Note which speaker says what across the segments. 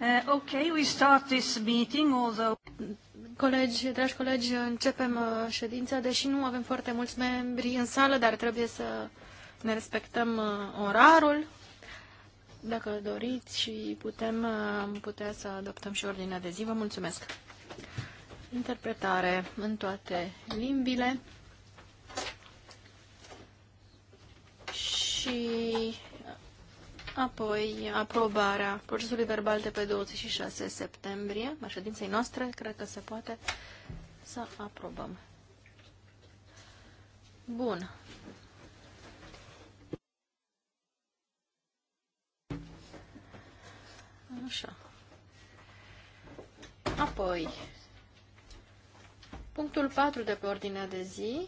Speaker 1: Uh, okay, we start this meeting, although... Colegi, dragi colegi, începem uh, ședința, deși nu avem foarte mulți membri în sală, dar trebuie să ne respectăm uh, orarul, dacă doriți, și putem uh, putea să adoptăm și ordinea de zi. Vă mulțumesc! Interpretare în toate limbile și Apoi, aprobarea procesului verbal de pe 26 septembrie, a ședinței noastre, cred că se poate să aprobăm. Bun. Așa. Apoi, punctul 4 de pe ordinea de zi.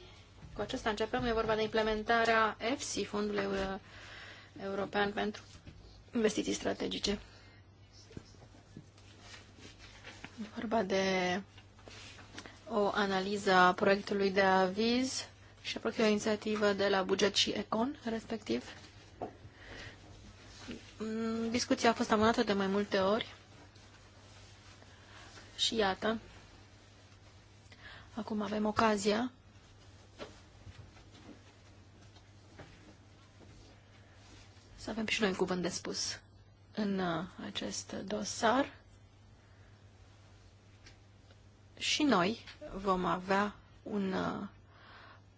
Speaker 1: Cu acesta începem. E vorba de implementarea EFSI, fondului. European pentru Investiții Strategice. vorba de o analiză a proiectului de aviz și aproape o inițiativă de la buget și econ, respectiv. Mm, discuția a fost amânată de mai multe ori și iată, acum avem ocazia să avem și noi un cuvânt de spus în uh, acest dosar. Și noi vom avea un uh,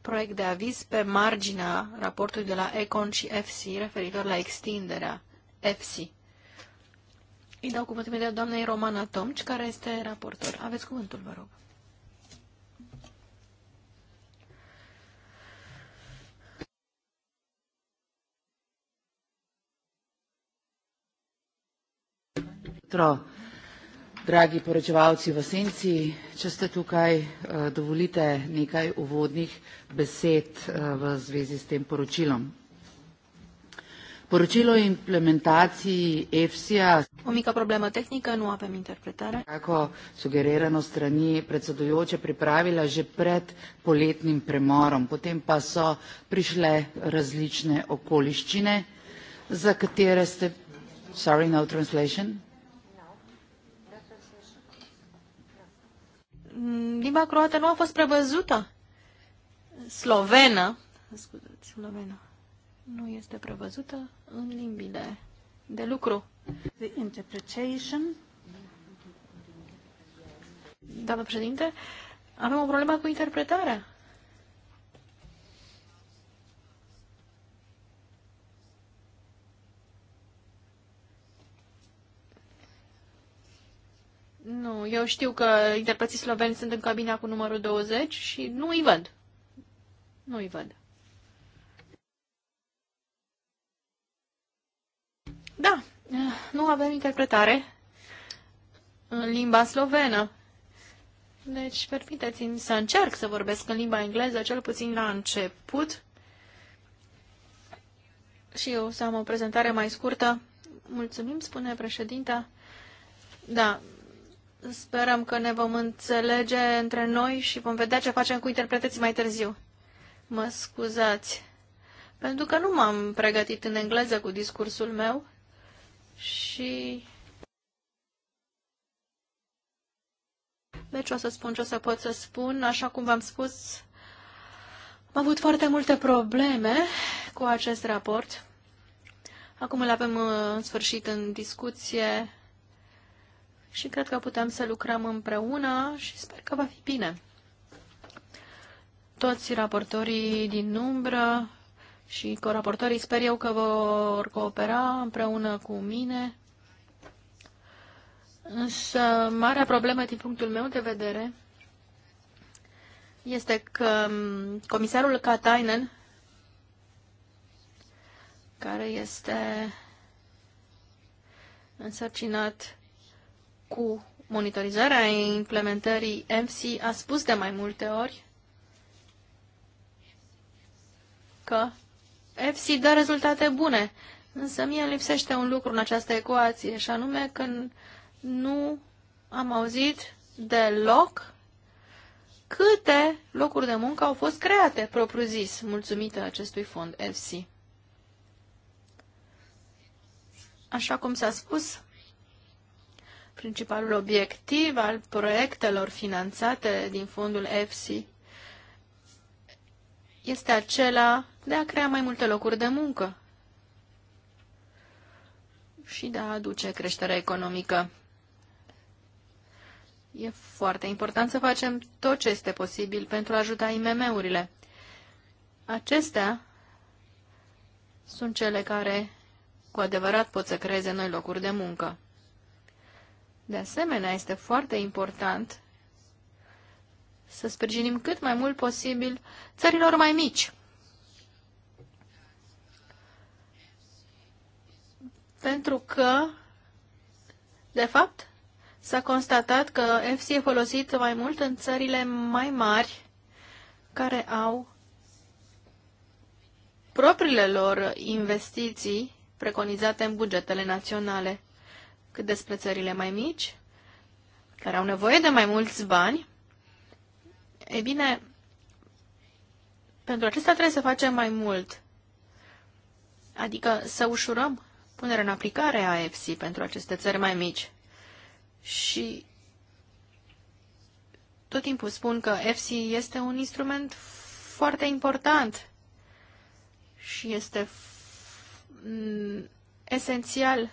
Speaker 1: proiect de aviz pe marginea raportului de la Econ și EFSI referitor la extinderea EFSI. Îi dau cuvântul imediat doamnei Romana Tomci, care este raportor. Aveți cuvântul, vă rog.
Speaker 2: jutro, dragi poročevalci v senci. Če ste tukaj, eh, dovolite nekaj uvodnih besed eh, v zvezi s tem poročilom. Poročilo o implementaciji EFSI-ja.
Speaker 1: O mică problemă tehnică, nu
Speaker 2: avem interpretare. Kako sugerirano strani predsedujoče pripravila že pred poletnim premorom, potem pa so prišle različne okoliščine, za katere ste... Sorry, no translation.
Speaker 1: Mm, limba croată nu a fost prevăzută.
Speaker 2: Slovenă,
Speaker 1: scuzați, slovenă, nu este prevăzută în limbile de lucru. The interpretation. Doamnă președinte, avem o problemă cu interpretarea. Nu, eu știu că interpreții sloveni sunt în cabina cu numărul 20 și nu îi văd. Nu îi văd. Da, nu avem interpretare în limba slovenă. Deci, permiteți-mi să încerc să vorbesc în limba engleză, cel puțin la început. Și eu să am o prezentare mai scurtă. Mulțumim, spune președinta. Da, Sperăm că ne vom înțelege între noi și vom vedea ce facem cu interpreteții mai târziu. Mă scuzați, pentru că nu m-am pregătit în engleză cu discursul meu și... Deci o să spun ce o să pot să spun. Așa cum v-am spus, am avut foarte multe probleme cu acest raport. Acum îl avem uh, în sfârșit în discuție și cred că putem să lucrăm împreună și sper că va fi bine. Toți raportorii din umbră și coraportorii sper eu că vor coopera împreună cu mine. Însă, marea problemă din punctul meu de vedere este că comisarul Katainen, care este însărcinat cu monitorizarea implementării MC a spus de mai multe ori că FC dă rezultate bune, însă mie lipsește un lucru în această ecuație și anume că nu am auzit deloc câte locuri de muncă au fost create, propriu-zis, mulțumită acestui fond FC. Așa cum s-a spus, Principalul obiectiv al proiectelor finanțate din fondul EFSI este acela de a crea mai multe locuri de muncă și de a aduce creștere economică. E foarte important să facem tot ce este posibil pentru a ajuta IMM-urile. Acestea sunt cele care cu adevărat pot să creeze noi locuri de muncă. De asemenea, este foarte important să sprijinim cât mai mult posibil țărilor mai mici. Pentru că, de fapt, s-a constatat că FC e folosit mai mult în țările mai mari care au propriile lor investiții preconizate în bugetele naționale. Cât despre țările mai mici, care au nevoie de mai mulți bani, e bine, pentru acesta trebuie să facem mai mult. Adică să ușurăm punerea în aplicare a EFSI pentru aceste țări mai mici. Și tot timpul spun că EFSI este un instrument foarte important și este esențial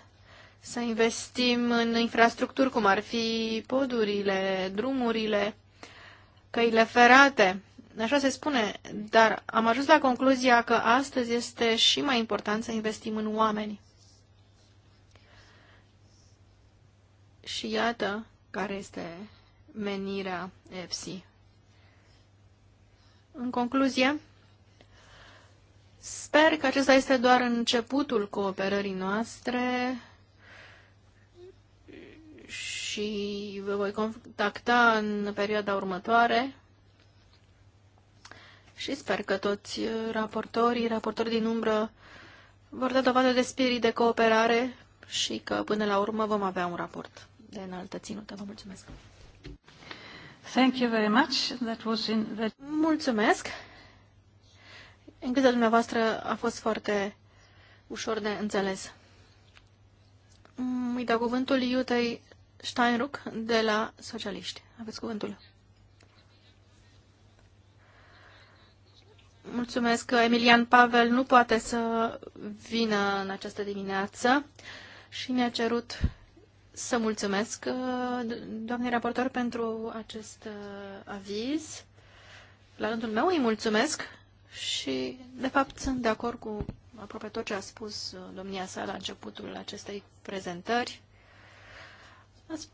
Speaker 1: să investim în infrastructuri, cum ar fi podurile, drumurile, căile ferate. Așa se spune, dar am ajuns la concluzia că astăzi este și mai important să investim în oameni. Și iată care este menirea EFSI. În concluzie, sper că acesta este doar începutul cooperării noastre și vă voi contacta în perioada următoare și sper că toți raportorii, raportori din umbră, vor da dovadă de spirit de cooperare și că până la urmă vom avea un raport de înaltă ținută. Vă mulțumesc!
Speaker 2: Thank you very much. That was in the...
Speaker 1: Mulțumesc! Engleza dumneavoastră a fost foarte ușor de înțeles. Îi dau cuvântul Iutei Steinruck de la Socialiști. Aveți cuvântul. Mulțumesc că Emilian Pavel nu poate să vină în această dimineață și mi-a cerut să mulțumesc uh, doamnei raportor pentru acest uh, aviz. La rândul meu îi mulțumesc și, de fapt, sunt de acord cu aproape tot ce a spus uh, domnia sa la începutul acestei prezentări.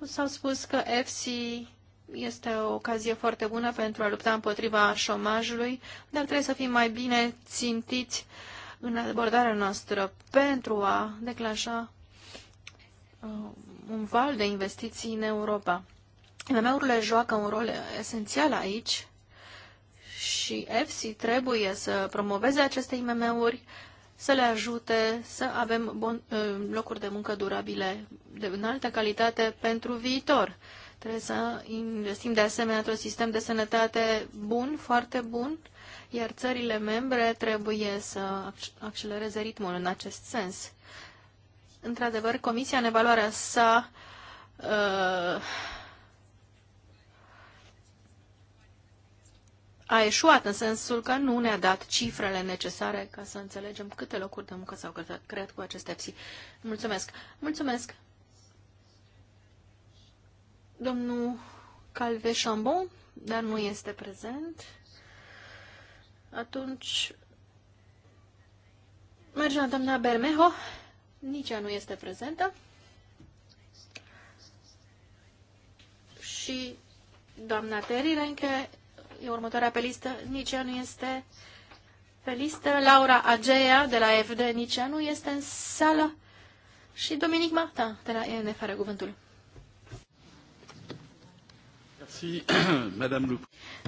Speaker 1: S-au spus că EFSI este o ocazie foarte bună pentru a lupta împotriva șomajului, dar trebuie să fim mai bine țintiți în abordarea noastră pentru a declanșa uh, un val de investiții în Europa. IMM-urile joacă un rol esențial aici și EFSI trebuie să promoveze aceste IMM-uri să le ajute să avem bon, uh, locuri de muncă durabile de înaltă calitate pentru viitor. Trebuie să investim de asemenea într-un sistem de sănătate bun, foarte bun, iar țările membre trebuie să accelereze ritmul în acest sens. Într-adevăr, Comisia în evaluarea sa uh, a eșuat în sensul că nu ne-a dat cifrele necesare ca să înțelegem câte locuri de muncă s-au creat cu aceste psi Mulțumesc! Mulțumesc! Domnul Calve Chambon, dar nu este prezent. Atunci mergem la doamna Bermejo. Nici ea nu este prezentă. Și doamna Terry Renke, e următoarea pe listă, nici ea nu este pe listă. Laura Agea de la FD, nici ea nu este în sală. Și Dominic Marta de la ENF are cuvântul.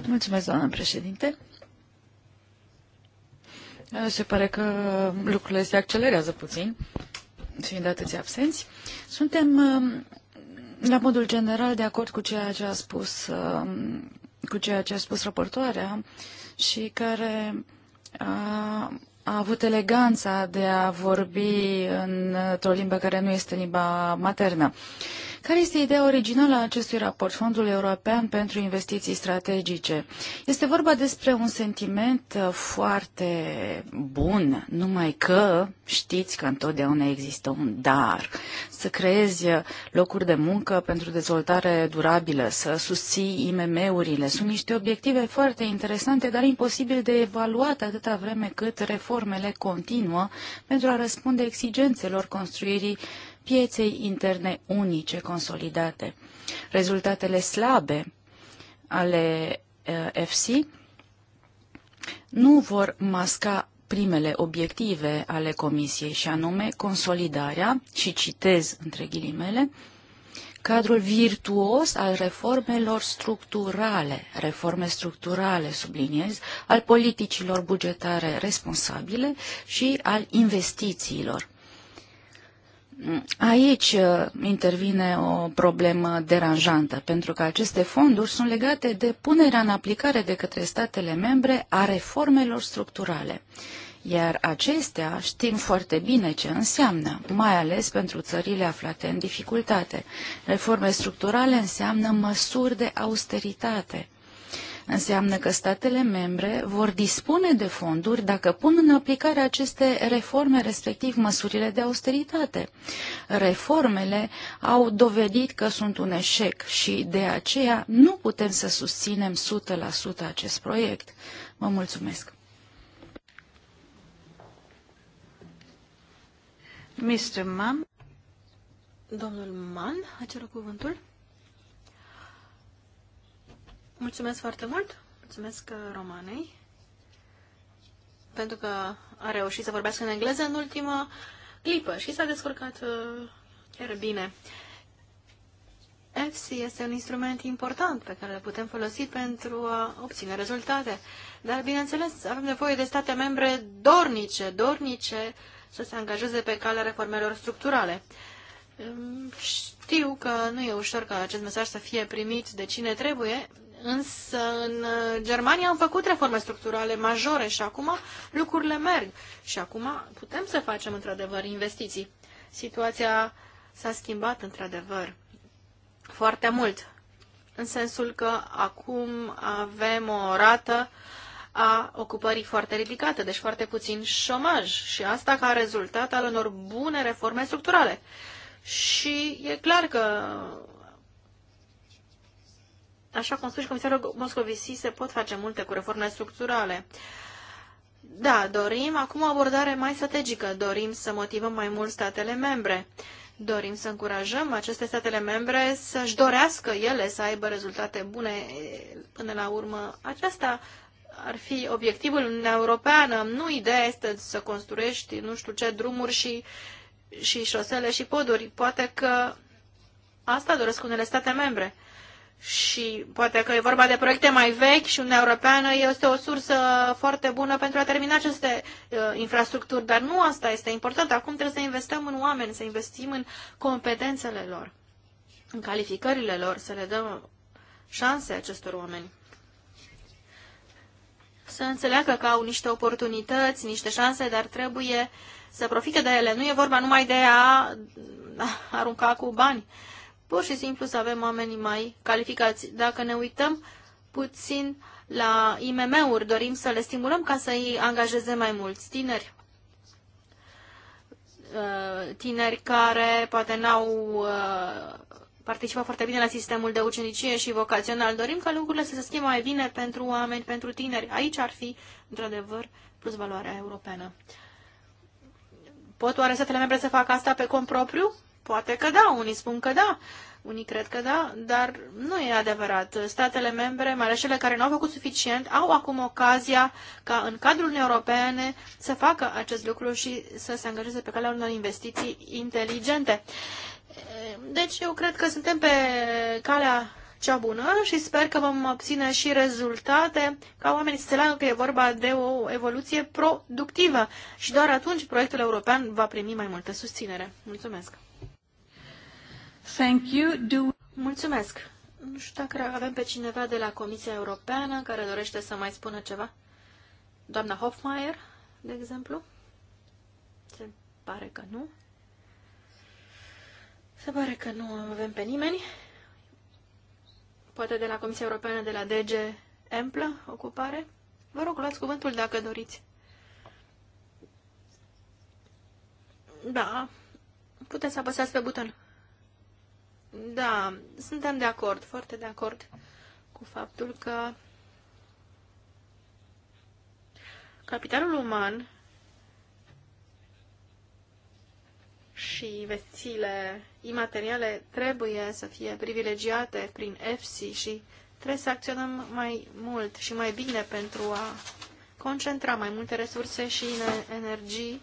Speaker 2: Mulțumesc, doamnă președinte. Uh, se pare că lucrurile se accelerează puțin, fiind atâția absenți. Suntem, uh, la modul general, de acord cu ceea ce a spus uh, cu ceea ce a spus raportoarea și care a, a avut eleganța de a vorbi într-o limbă care nu este limba maternă. Uh, care este ideea originală a acestui raport, Fondul European pentru Investiții Strategice? Este vorba despre un sentiment uh, foarte bun, numai că știți că întotdeauna există un dar. Să creezi uh, locuri de muncă pentru dezvoltare durabilă, să susții IMM-urile. Sunt niște obiective foarte interesante, dar imposibil de evaluat atâta vreme cât reformele continuă pentru a răspunde exigențelor construirii pieței interne unice consolidate. Rezultatele slabe ale FC nu vor masca primele obiective ale Comisiei, și anume consolidarea, și citez între ghilimele, cadrul virtuos al reformelor structurale, reforme structurale, subliniez, al politicilor bugetare responsabile și al investițiilor. Aici uh, intervine o problemă deranjantă, pentru că aceste fonduri sunt legate de punerea în aplicare de către statele membre a reformelor structurale. Iar acestea știm foarte bine ce înseamnă, mai ales pentru țările aflate în dificultate. Reforme structurale înseamnă măsuri de austeritate Înseamnă că statele membre vor dispune de fonduri dacă pun în aplicare aceste reforme, respectiv măsurile de austeritate. Reformele au dovedit că sunt un eșec și de aceea nu putem să susținem 100% acest proiect. Vă mulțumesc!
Speaker 1: Mr. Mann. Domnul Mann a cerut cuvântul. Mulțumesc foarte mult. Mulțumesc uh, Romanei pentru că a reușit să vorbească în engleză în ultima clipă și s-a descurcat uh, chiar bine. FC este un instrument important pe care îl putem folosi pentru a obține rezultate. Dar, bineînțeles, avem nevoie de state membre dornice, dornice să se angajeze pe calea reformelor structurale. Știu că nu e ușor ca acest mesaj să fie primit de cine trebuie, Însă în uh, Germania am făcut reforme structurale majore și acum lucrurile merg. Și acum putem să facem într-adevăr investiții. Situația s-a schimbat într-adevăr foarte mult, în sensul că acum avem o rată a ocupării foarte ridicată, deci foarte puțin șomaj și asta ca rezultat al unor bune reforme structurale. Și e clar că așa cum spune comisarul Moscovici, se pot face multe cu reforme structurale. Da, dorim acum o abordare mai strategică, dorim să motivăm mai mult statele membre. Dorim să încurajăm aceste statele membre să-și dorească ele să aibă rezultate bune până la urmă. Aceasta ar fi obiectivul Uniunea Europeană. Nu ideea este să construiești nu știu ce drumuri și, și șosele și poduri. Poate că asta doresc unele state membre și poate că e vorba de proiecte mai vechi și Uniunea Europeană este o sursă foarte bună pentru a termina aceste uh, infrastructuri, dar nu asta este important. Acum trebuie să investăm în oameni, să investim în competențele lor, în calificările lor, să le dăm șanse acestor oameni. Să înțeleagă că au niște oportunități, niște șanse, dar trebuie să profite de ele. Nu e vorba numai de a arunca cu bani. Uh, pur și simplu să avem oamenii mai calificați. Dacă ne uităm puțin la IMM-uri, dorim să le stimulăm ca să îi angajeze mai mulți tineri uh, tineri care poate n-au uh, participat foarte bine la sistemul de ucenicie și vocațional. Dorim ca lucrurile să se schimbe mai bine pentru oameni, pentru tineri. Aici ar fi, într-adevăr, plus valoarea europeană. Pot oare statele membre să facă asta pe cont propriu? Poate că da, unii spun că da, unii cred că da, dar nu e adevărat. Statele membre, mai ales cele care nu au făcut suficient, au acum ocazia ca în cadrul Europene să facă acest lucru și să se angajeze pe calea unor investiții inteligente. Deci eu cred că suntem pe calea cea bună și sper că vom obține și rezultate ca oamenii să înțeleagă că e vorba de o evoluție productivă și doar atunci proiectul european va primi mai multă susținere. Mulțumesc!
Speaker 2: Thank you. Do...
Speaker 1: Mulțumesc. Nu știu dacă avem pe cineva de la Comisia Europeană care dorește să mai spună ceva. Doamna Hofmeier, de exemplu? Se pare că nu. Se pare că nu avem pe nimeni. Poate de la Comisia Europeană, de la DG amplă ocupare. Vă rog, luați cuvântul dacă doriți. Da, puteți să apăsați pe buton. Da, suntem de acord, foarte de acord cu faptul că capitalul uman și vestiile imateriale trebuie să fie privilegiate prin EFSI și trebuie să acționăm mai mult și mai bine pentru a concentra mai multe resurse și energii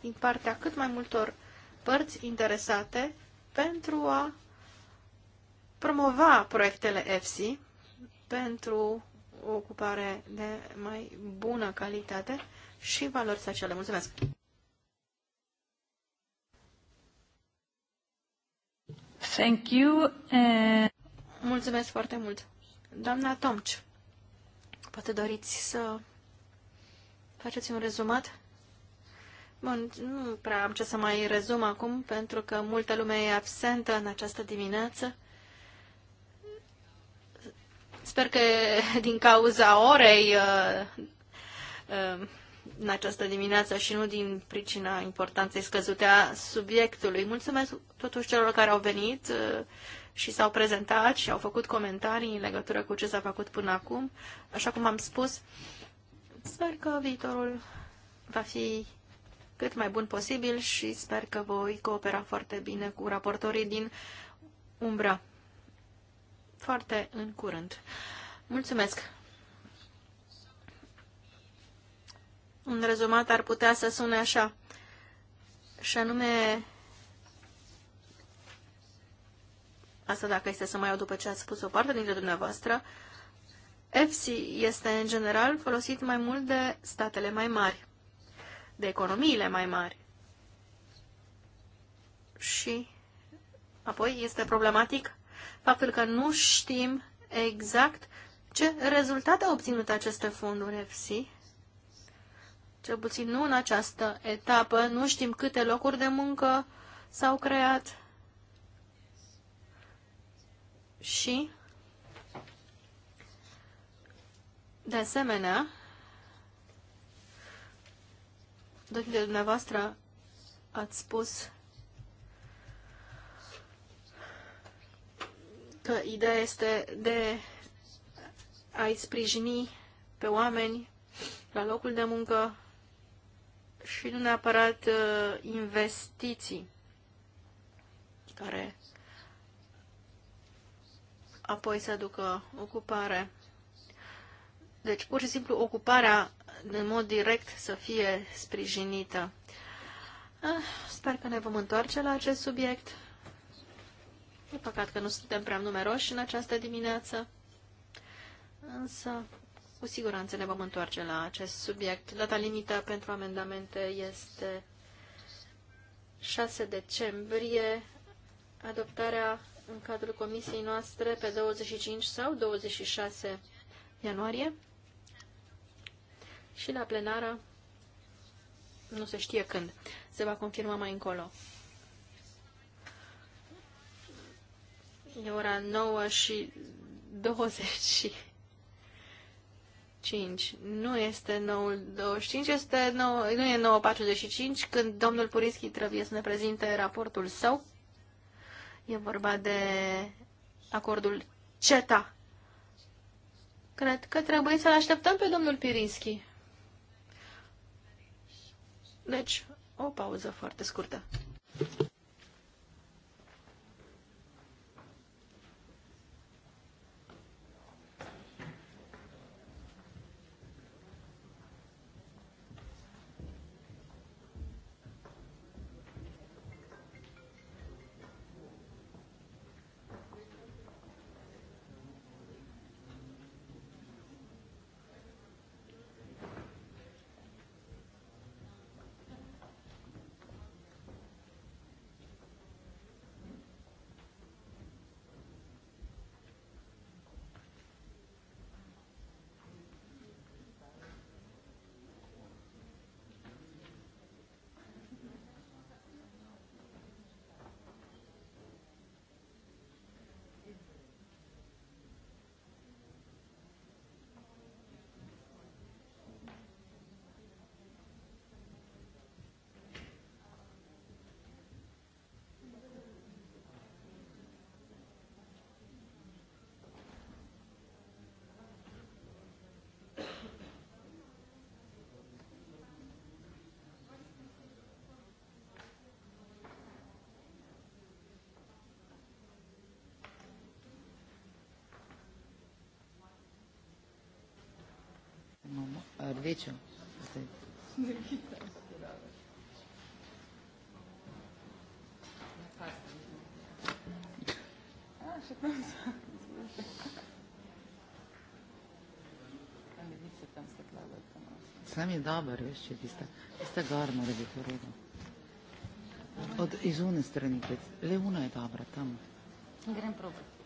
Speaker 1: din partea cât mai multor părți interesate pentru a promova proiectele EFSI pentru o ocupare de mai bună calitate și valori sociale. Mulțumesc!
Speaker 2: Thank you. Eh,
Speaker 1: Mulțumesc foarte mult. Doamna Tomci, poate doriți să faceți un rezumat? Bun, nu prea am ce să mai rezum acum, pentru că multă lume e absentă în această dimineață. Sper că din cauza orei uh, uh, în această dimineață și nu din pricina importanței scăzute a subiectului. Mulțumesc totuși celor care au venit uh, și s-au prezentat și au făcut comentarii în legătură cu ce s-a făcut până acum. Așa cum am spus, sper că viitorul va fi cât mai bun posibil și sper că voi coopera foarte bine cu raportorii din Umbra foarte în curând. Mulțumesc! Un rezumat ar putea să sune așa, și anume, asta dacă este să mai iau după ce ați spus o parte dintre dumneavoastră, FC este în general folosit mai mult de statele mai mari, de economiile mai mari. Și apoi este problematic faptul că nu știm exact ce rezultate au obținut aceste fonduri EFSI, cel puțin nu în această etapă, nu știm câte locuri de muncă s-au creat și, de asemenea, domnule dumneavoastră ați spus că ideea este de a-i sprijini pe oameni la locul de muncă și nu neapărat uh, investiții care apoi să aducă ocupare. Deci, pur și simplu, ocuparea în mod direct să fie sprijinită. Ah, sper că ne vom întoarce la acest subiect E păcat că nu suntem prea numeroși în această dimineață, însă cu siguranță ne vom întoarce la acest subiect. Data limită pentru amendamente este 6 decembrie, adoptarea în cadrul comisiei noastre pe 25 sau 26 ianuarie și la plenară nu se știe când. Se va confirma mai încolo. E ora 9 și 25. Nu este 9.25, este 9, nu e 9.45 când domnul Purischi trebuie să ne prezinte raportul său. E vorba de acordul CETA. Cred că trebuie să-l așteptăm pe domnul Pirinski. Deci, o pauză foarte scurtă.
Speaker 2: derecho. Sam je dobar, veš, če tista, tista gor mora biti u redu. Od izune strani, Leuna je dobra tamo. Grem probati.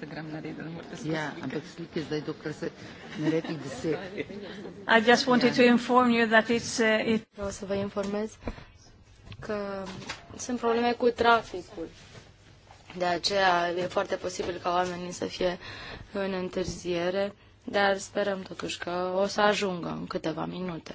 Speaker 2: Instagram naredili. Ja, ampak
Speaker 1: slike zdaj, dokler se ne rekli deset. I
Speaker 2: just wanted to inform
Speaker 3: you that it's... Uh, it... Vreau să vă informez că sunt probleme cu traficul. De aceea e foarte posibil ca oamenii să fie în întârziere, dar sperăm totuși că o să ajungă în câteva minute.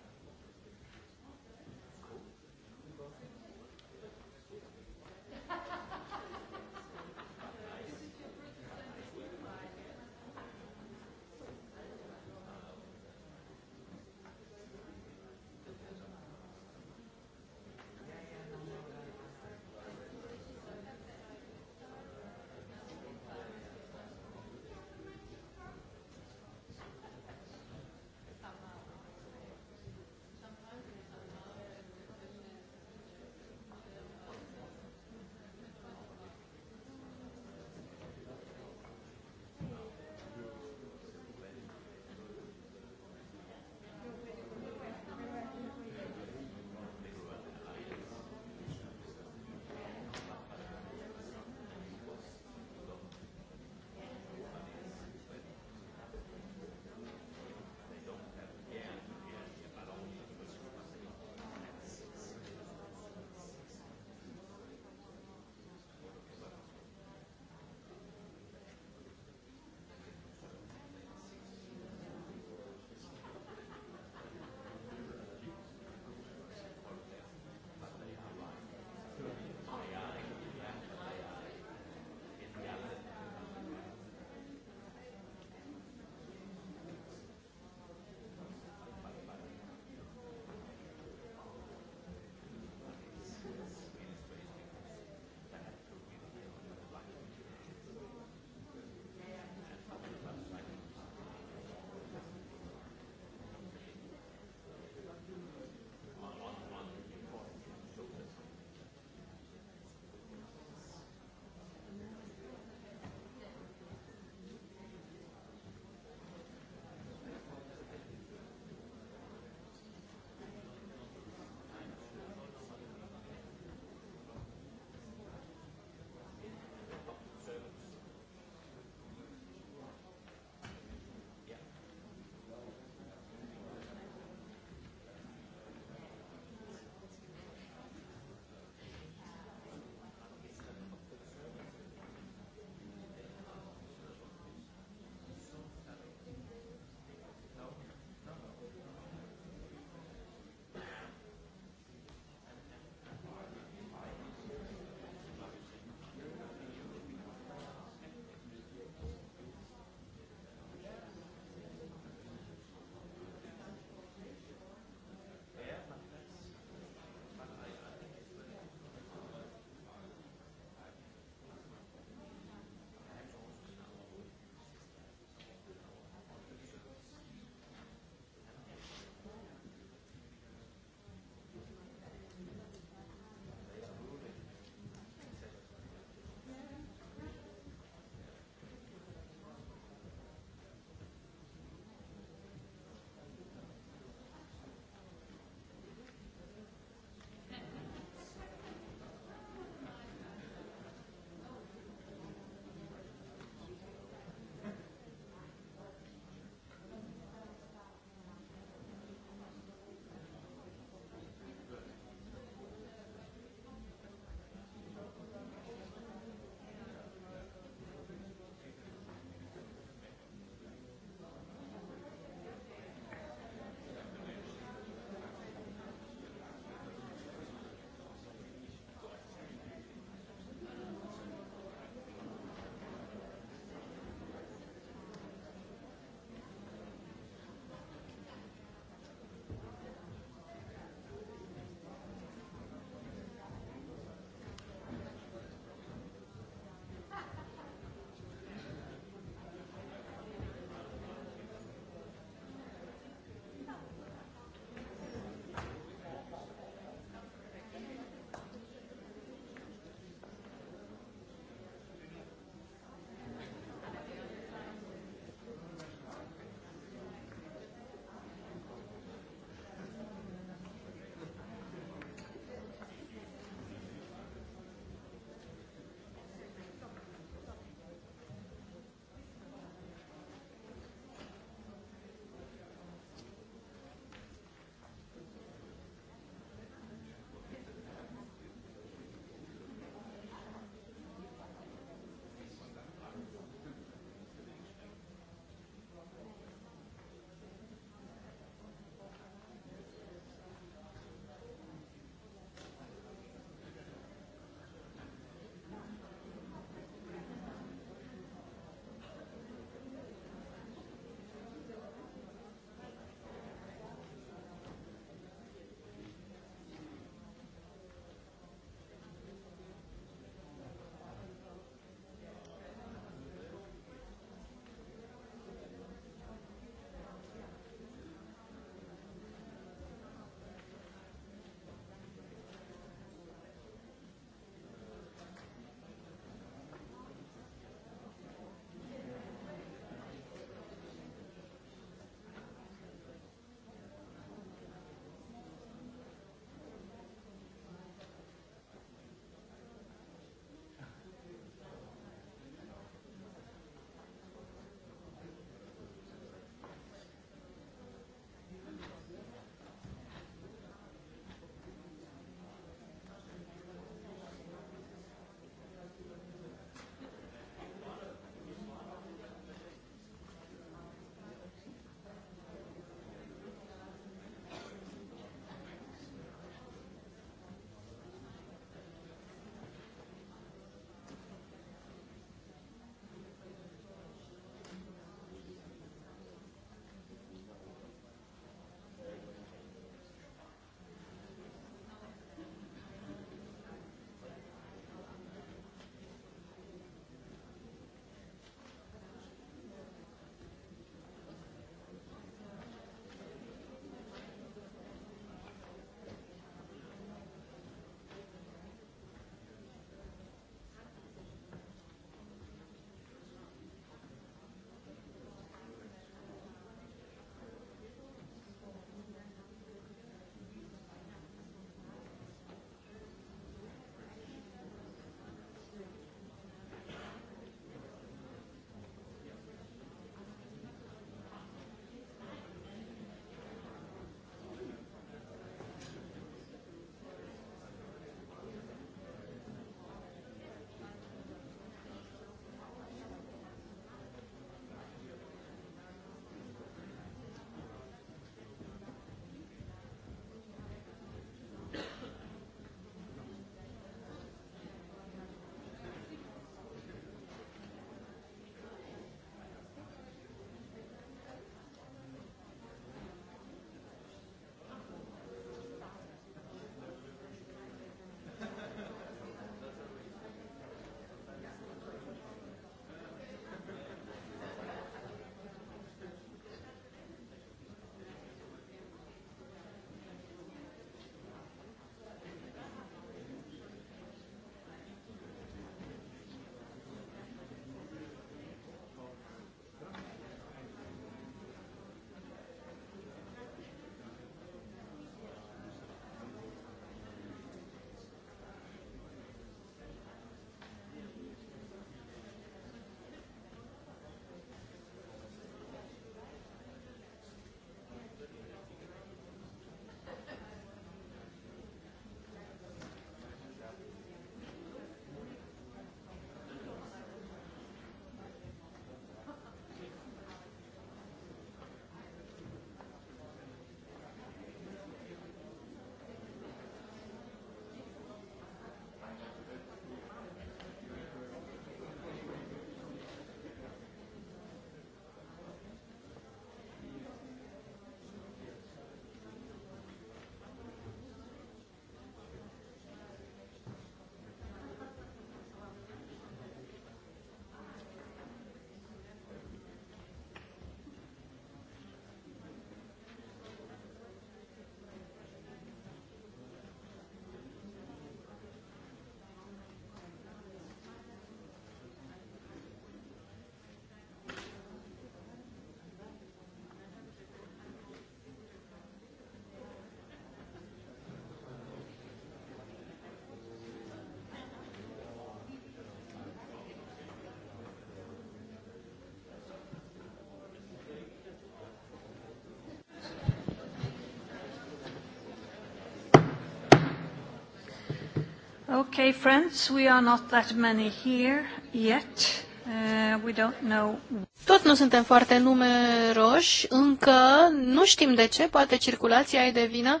Speaker 2: Okay, friends, we are not that many here yet.
Speaker 1: Uh, we don't know. Tot nu suntem foarte numeroși, încă nu știm de ce, poate circulația e de vină.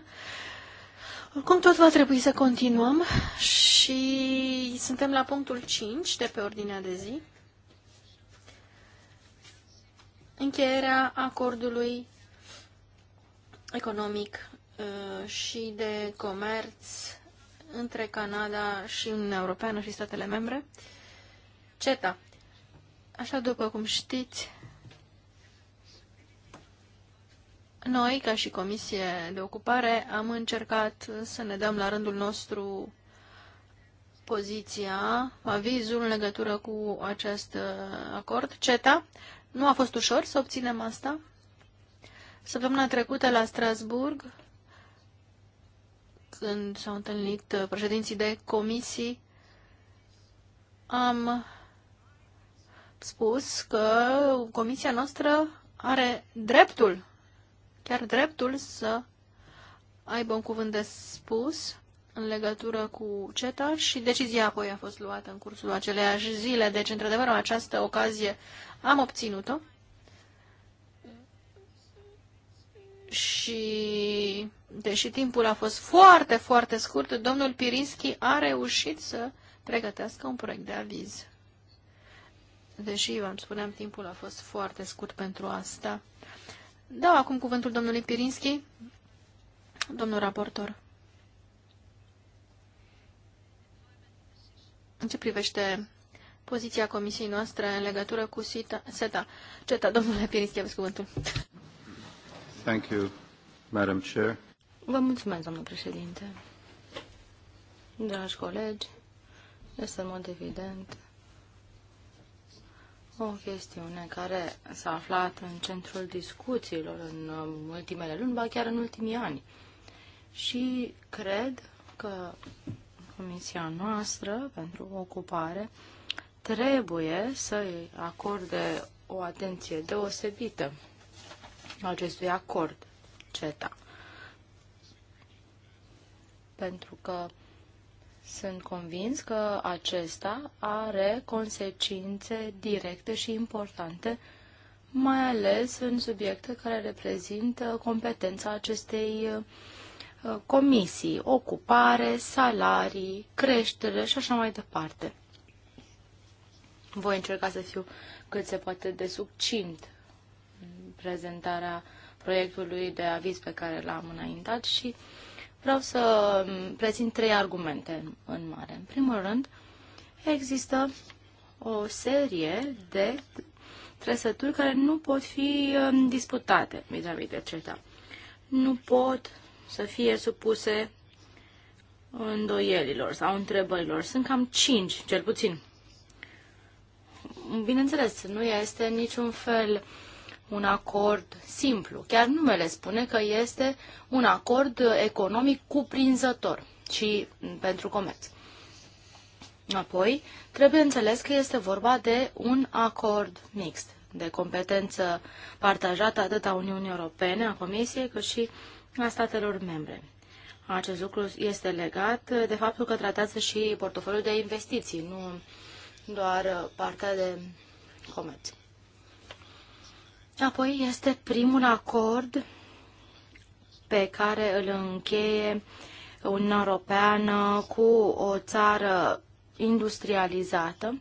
Speaker 1: Oricum tot va trebui să continuăm și suntem la punctul 5 de pe ordinea de zi. Încheierea acordului economic uh, și de comerț între Canada și Uniunea Europeană și statele membre, CETA. Așa după cum știți, noi, ca și Comisie de Ocupare, am încercat să ne dăm la rândul nostru poziția, avizul în legătură cu acest uh, acord, CETA. Nu a fost ușor să obținem asta. Săptămâna trecută la Strasburg când s-au întâlnit uh, președinții de comisii, am spus că comisia noastră are dreptul, chiar dreptul să aibă un cuvânt de spus în legătură cu CETA și decizia apoi a fost luată în cursul aceleiași zile. Deci, într-adevăr, în această ocazie am obținut-o și deși timpul a fost foarte, foarte scurt, domnul Pirinski a reușit să pregătească un proiect de aviz. Deși, v-am spuneam, timpul a fost foarte scurt pentru asta. Da, acum cuvântul domnului Pirinski, domnul raportor. În ce privește poziția comisiei noastre în legătură cu SETA, SETA. CETA, domnule Pirinski, aveți cuvântul.
Speaker 3: Thank you, Madam Chair.
Speaker 1: Vă mulțumesc, doamnă președinte.
Speaker 3: Dragi colegi, este în mod evident o chestiune care s-a aflat în centrul discuțiilor în um, ultimele luni, ba chiar în ultimii ani. Și cred că Comisia noastră pentru ocupare trebuie să acorde o atenție deosebită acestui acord CETA pentru că sunt convins că acesta are consecințe directe și importante, mai ales în subiecte care reprezintă competența acestei uh, comisii, ocupare, salarii, creștere și așa mai departe. Voi încerca să fiu cât se poate de succint în prezentarea proiectului de aviz pe care l-am înaintat și uh, vreau să prezint trei argumente în mare. În primul rând, există o serie de trăsături care nu pot fi um, disputate vis-a-vis de CETA. Nu pot să fie supuse îndoielilor sau întrebărilor. Sunt cam cinci, cel puțin. Bineînțeles, nu este niciun fel un acord simplu. Chiar numele spune că este un acord economic cuprinzător și mm, pentru comerț. Apoi, trebuie înțeles că este vorba de un acord mixt, de competență partajată atât a Uniunii Europene, a Comisiei, cât și a statelor membre. Acest lucru este legat de faptul că tratează și portofoliul de investiții, nu doar partea de comerț. Apoi este primul acord pe care îl încheie Uniunea Europeană cu o țară industrializată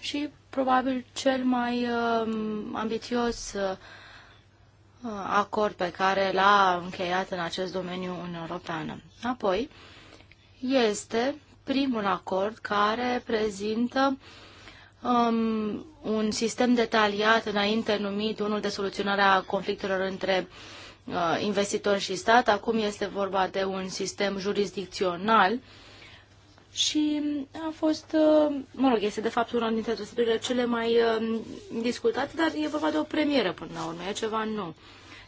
Speaker 3: și probabil cel mai uh, ambițios uh, acord pe care l-a încheiat în acest domeniu Uniunea Europeană. Apoi, este primul acord care prezintă uh, um, un sistem detaliat înainte numit unul de soluționare a conflictelor între uh, investitori și stat. Acum este vorba de un sistem jurisdicțional și a fost, uh, mă rog, este de fapt una dintre trăsăturile cele mai uh, discutate, dar e vorba de o premieră până la urmă, e ceva nou.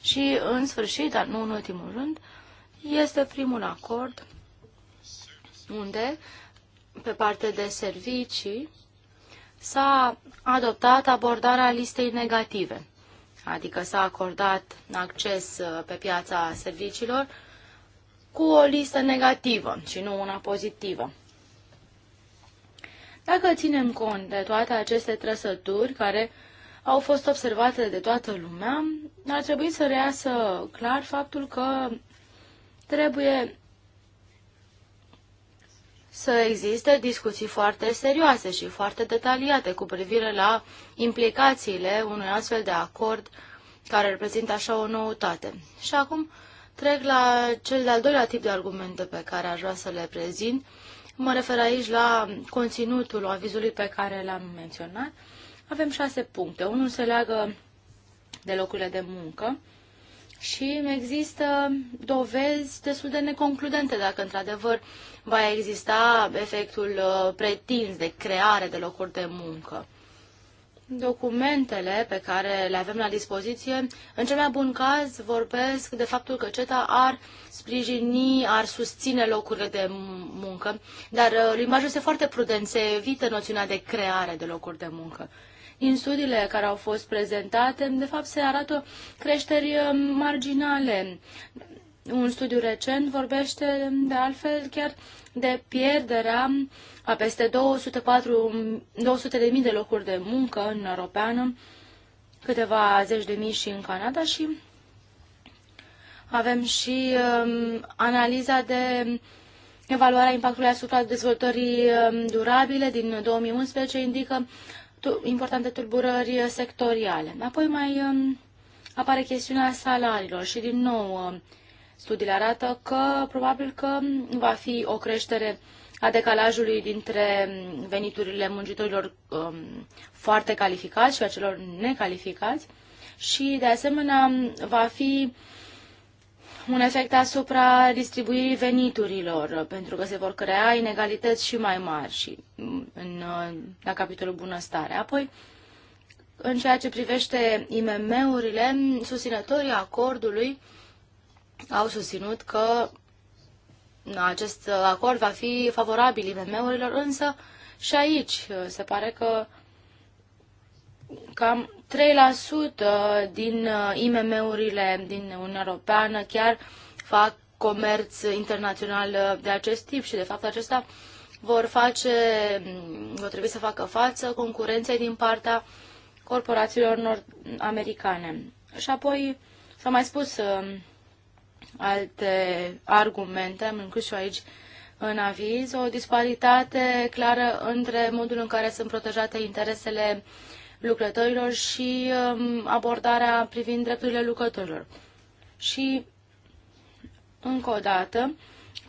Speaker 3: Și în sfârșit, dar nu în ultimul rând, este primul acord unde, pe partea de servicii, s-a adoptat abordarea listei negative, adică s-a acordat acces uh, pe piața serviciilor cu o listă negativă și nu una pozitivă. Dacă ținem cont de toate aceste trăsături care au fost observate de toată lumea, ar trebui să reasă clar faptul că trebuie să existe discuții foarte serioase și foarte detaliate cu privire la implicațiile unui astfel de acord care reprezintă așa o noutate. Și acum trec la cel de-al doilea tip de argumente pe care aș vrea să le prezint. Mă refer aici la conținutul avizului pe care l-am menționat. Avem șase puncte. Unul se leagă de locurile de muncă, și există dovezi destul de neconcludente dacă într-adevăr va exista efectul uh, pretins de creare de locuri de muncă. Documentele pe care le avem la dispoziție, în cel mai bun caz, vorbesc de faptul că CETA ar sprijini, ar susține locurile de muncă, dar uh, limbajul este foarte prudent, se evită noțiunea de creare de locuri de muncă din studiile care au fost prezentate, de fapt se arată creșteri uh, marginale. Un studiu recent vorbește um, de altfel chiar de pierderea a peste 204, 200 de de locuri de muncă în Europeană, câteva zeci de mii și în Canada și avem și um, analiza de evaluarea impactului asupra dezvoltării um, durabile din 2011 indică importante tulburări sectoriale. Apoi mai um, apare chestiunea salariilor și din nou um, studiile arată că probabil că va fi o creștere a decalajului dintre um, veniturile muncitorilor um, foarte calificați și a celor necalificați și, de asemenea, va fi un efect asupra distribuirii veniturilor, pentru că se vor crea inegalități și mai mari și mm, în, uh, la capitolul bunăstare. Apoi, în ceea ce privește IMM-urile, susținătorii acordului au susținut că acest acord va fi favorabil IMM-urilor, însă și aici uh, se pare că cam 3% din uh, IMM-urile din Uniunea Europeană chiar fac comerț internațional uh, de acest tip și, de fapt, acesta vor face, mm, vor trebui să facă față concurenței din partea corporațiilor nord-americane. Și apoi s-au mai spus uh, alte argumente, am inclus și aici în aviz, o disparitate clară între modul în care sunt protejate interesele uh, lucrătorilor și um, abordarea privind drepturile lucrătorilor. Și, încă o dată,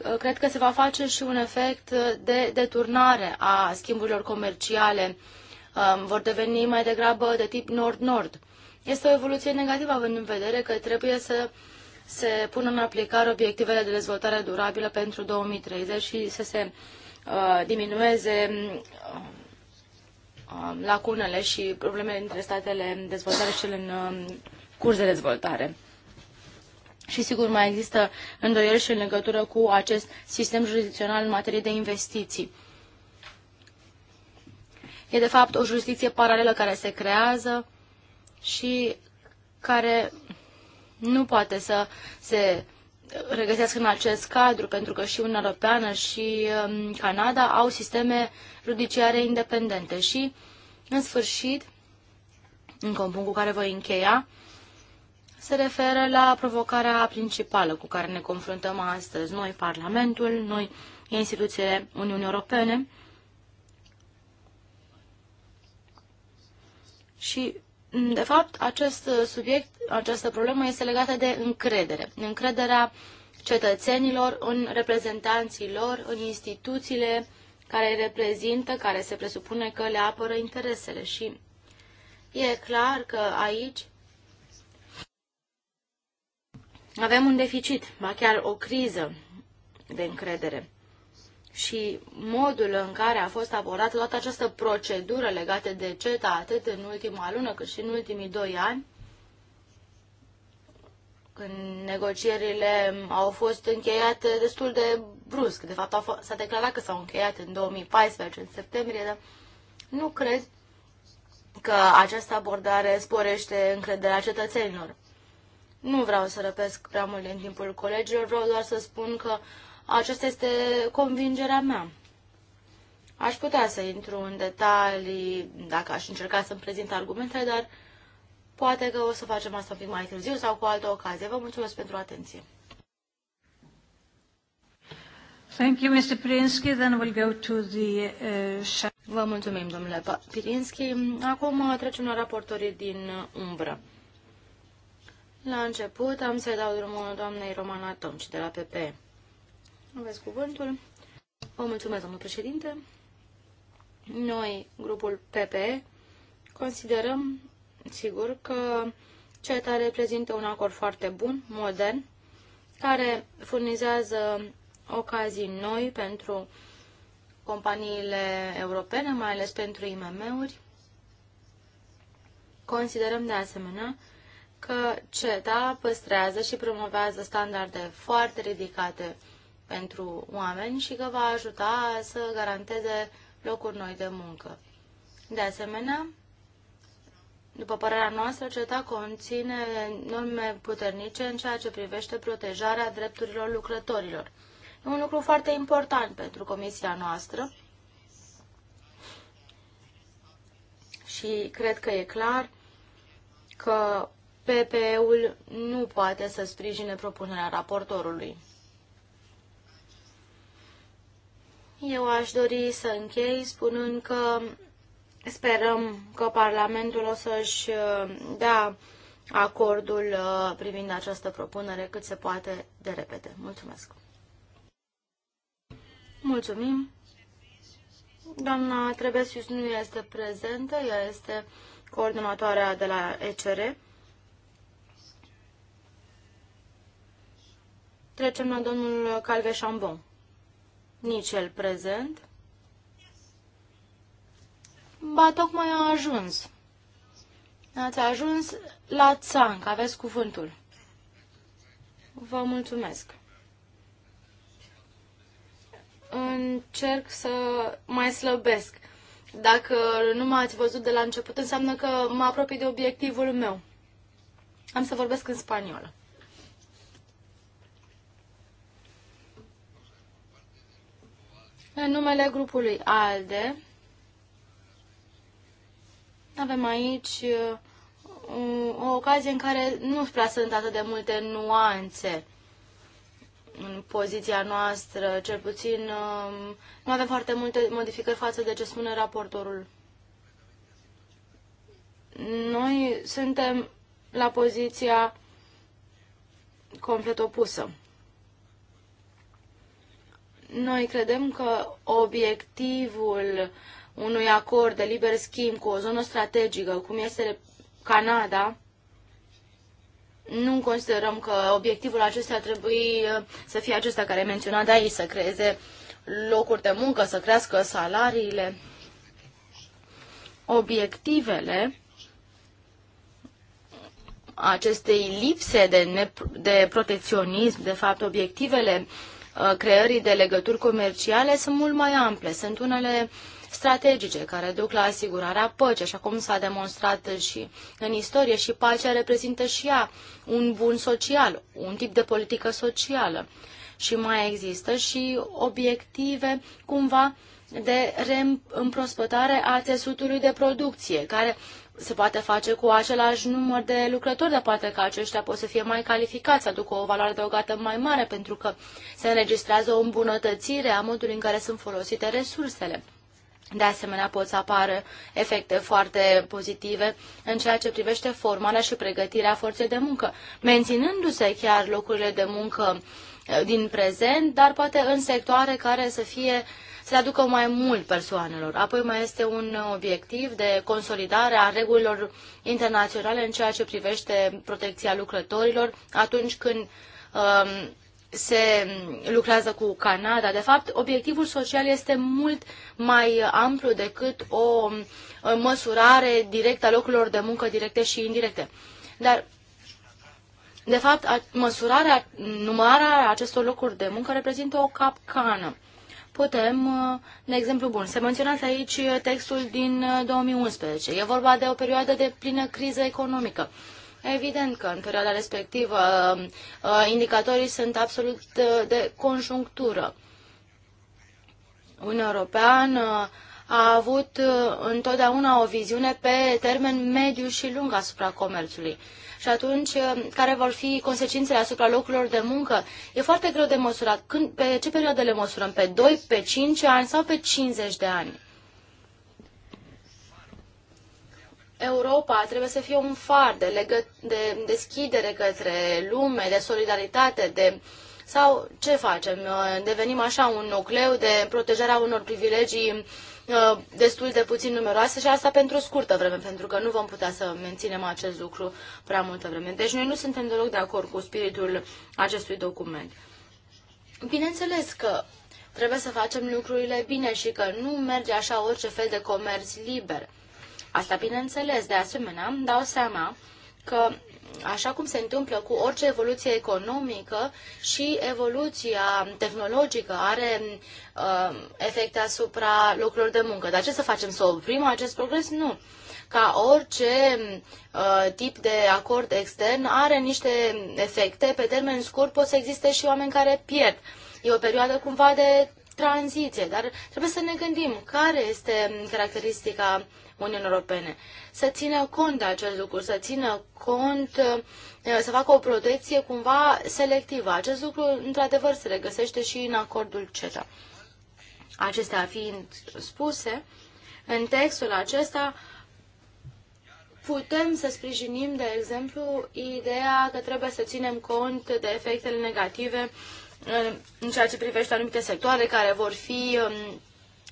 Speaker 3: uh, cred că se va face și un efect de deturnare a schimburilor comerciale. Um, vor deveni mai degrabă de tip nord-nord. Este o evoluție negativă, având în vedere că trebuie să se pună în aplicare obiectivele de dezvoltare durabilă pentru 2030 și să se uh, diminueze uh, Um, lacunele și problemele între statele în dezvoltare și cele în um, curs de dezvoltare. Și sigur mai există îndoieli și în legătură cu acest sistem jurisdicțional în materie de investiții. E de fapt o justiție paralelă care se creează și care nu poate să se regăsesc în acest cadru, pentru că și Uniunea Europeană și um, Canada au sisteme judiciare independente. Și, în sfârșit, încă un punct cu care voi încheia, se referă la provocarea principală cu care ne confruntăm astăzi noi, Parlamentul, noi, instituțiile Uniunii Europene. Și de fapt, acest subiect, această problemă este legată de încredere. Încrederea cetățenilor în reprezentanții lor, în instituțiile care îi reprezintă, care se presupune că le apără interesele. Și e clar că aici avem un deficit, ba chiar o criză de încredere și modul în care a fost abordată toată această procedură legată de CETA, atât în ultima lună cât și în ultimii doi ani, când negocierile au fost încheiate destul de brusc. De fapt, s-a declarat că s-au încheiat în 2014, în septembrie, dar nu cred că această abordare sporește încrederea cetățenilor. Nu vreau să răpesc prea mult din timpul colegilor, vreau doar să spun că uh, aceasta este convingerea mea. Aș putea să intru în detalii dacă aș încerca să-mi prezint argumentele, dar poate că o să facem asta un pic mai târziu sau cu altă ocazie. Vă mulțumesc pentru atenție. Thank you, Mr. Pirinski. Then we'll go to the, uh, Vă mulțumim, domnule Pirinski. Acum trecem la raportorii din umbră. La început am să-i dau drumul doamnei Romana Tomci de la PP.
Speaker 1: Aveți cuvântul.
Speaker 3: Vă mulțumesc, domnul președinte. Noi, grupul PPE, considerăm, sigur, că CETA reprezintă un acord foarte bun, modern, care furnizează ocazii noi pentru companiile europene, mai ales pentru IMM-uri. Considerăm de asemenea că CETA păstrează și promovează standarde foarte ridicate pentru oameni și că va ajuta să garanteze locuri noi de muncă. De asemenea, după părerea noastră, CETA conține norme puternice în ceea ce privește protejarea drepturilor lucrătorilor. E un lucru foarte important pentru comisia noastră și cred că e clar că PPE-ul nu poate să sprijine propunerea raportorului. Eu aș dori să închei spunând că sperăm că Parlamentul o să-și uh, dea acordul uh, privind această propunere cât se poate de repede. Mulțumesc! Mulțumim! Doamna Trebesius nu este prezentă, ea este coordonatoarea de la ECR. Trecem la domnul Calve Chambon. Nici el prezent. Ba, tocmai a ajuns. Ați ajuns la țanc, aveți cuvântul. Vă mulțumesc. Încerc să mai slăbesc. Dacă nu m-ați văzut de la început, înseamnă că mă apropii de obiectivul meu. Am să vorbesc în spaniolă. În numele grupului ALDE avem aici uh, o ocazie în care nu prea sunt atât de multe nuanțe în poziția noastră, cel puțin um, nu avem foarte multe modificări față de ce spune raportorul. Noi suntem la poziția complet opusă. Noi credem că obiectivul unui acord de liber schimb cu o zonă strategică, cum este Canada, nu considerăm că obiectivul acesta ar trebui uh, să fie acesta care e menționat de aici, să creeze locuri de muncă, să crească salariile. Obiectivele acestei lipse de, de protecționism, de fapt, obiectivele uh, Uh, creării de legături comerciale sunt mult mai ample. Sunt unele strategice care duc la asigurarea păcii, așa cum s-a demonstrat și în istorie și pacea reprezintă și ea un bun social, un tip de politică socială. Și mai există și obiective cumva de reîmprospătare a țesutului de producție, care se poate face cu același număr de lucrători, de poate că aceștia pot să fie mai calificați, aducă o valoare adăugată mai mare, pentru că se înregistrează o îmbunătățire a modului în care sunt folosite resursele. De asemenea, pot să apară efecte foarte pozitive în ceea ce privește formarea și pregătirea forței de muncă, menținându-se chiar locurile de muncă eh, din prezent, dar poate în sectoare care să fie uh, se le aducă mai mult persoanelor. Apoi mai este un obiectiv de consolidare a regulilor internaționale în ceea ce privește protecția lucrătorilor atunci când um, se lucrează cu Canada. De fapt, obiectivul social este mult mai amplu decât o măsurare directă a locurilor de muncă directe și indirecte. Dar, de fapt, măsurarea, numărarea acestor locuri de muncă reprezintă o capcană putem, de uh, exemplu, bun, se menționează aici textul din 2011. Uh, e vorba de o perioadă de plină criză economică. Evident că în perioada respectivă uh, indicatorii sunt absolut de conjunctură. Uniunea Europeană a avut întotdeauna o viziune pe termen mediu și lung asupra comerțului și atunci uh, care vor fi consecințele asupra locurilor de muncă. E foarte greu de măsurat. Când, pe ce perioadă le măsurăm? Pe 2, pe 5 ani sau pe 50 de ani? Europa trebuie să fie un far de, legă, de deschidere către lume, de solidaritate, de uh, sau ce facem? Uh, devenim așa un nucleu de protejarea unor privilegii uh, destul de puțin numeroase și asta pentru o scurtă vreme, pentru că nu vom putea să menținem acest lucru prea multă vreme. Deci noi nu suntem deloc de acord cu spiritul acestui document. Bineînțeles că trebuie să facem lucrurile bine și că nu merge așa orice fel de comerț liber. Asta bineînțeles, de asemenea, îmi dau seama că așa cum se întâmplă cu orice evoluție economică și evoluția tehnologică are uh, efecte asupra locurilor de muncă. Dar ce să facem? Să oprim acest progres? Nu. Ca orice uh, tip de acord extern are niște efecte. Pe termen scurt pot să existe și oameni care pierd. E o perioadă cumva de tranziție, dar trebuie să ne gândim care este caracteristica Uniunii Europene. Să țină cont de acest lucru, să țină cont, uh, să facă o protecție cumva selectivă. Acest lucru, într-adevăr, se regăsește și în acordul CETA. Acestea fiind spuse, în textul acesta putem să sprijinim, de exemplu, ideea că trebuie să ținem cont de efectele negative uh, în ceea ce privește anumite sectoare care vor fi um,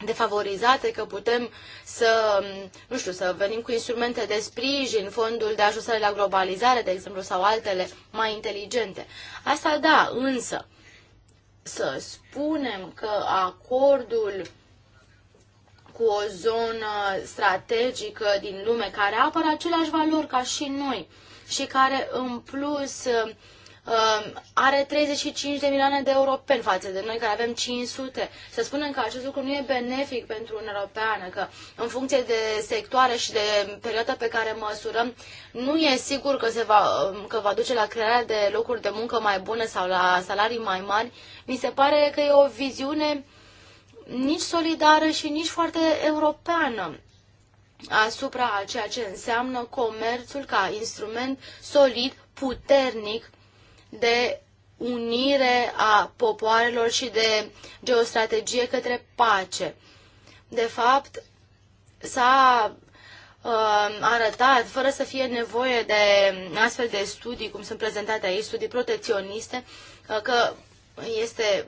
Speaker 3: defavorizate, că putem să, nu știu, să venim cu instrumente de sprijin, fondul de ajustare la globalizare, de exemplu, sau altele mai inteligente. Asta da, însă, să spunem că acordul cu o zonă strategică din lume care apără aceleași valori ca și noi și care în plus Um, are 35 de milioane de europeni față de noi care avem 500. Să spunem că acest lucru nu e benefic pentru Uniunea Europeană, că în funcție de sectoare și de perioada pe care măsurăm, nu e sigur că, se va, um, că va duce la crearea de locuri de muncă mai bune sau la salarii mai mari. Mi se pare că e o viziune nici solidară și nici foarte europeană asupra a ceea ce înseamnă comerțul ca instrument solid, puternic de unire a popoarelor și de geostrategie către pace. De fapt, s-a uh, arătat, fără să fie nevoie de astfel de studii, cum sunt prezentate aici, studii protecționiste, uh, că este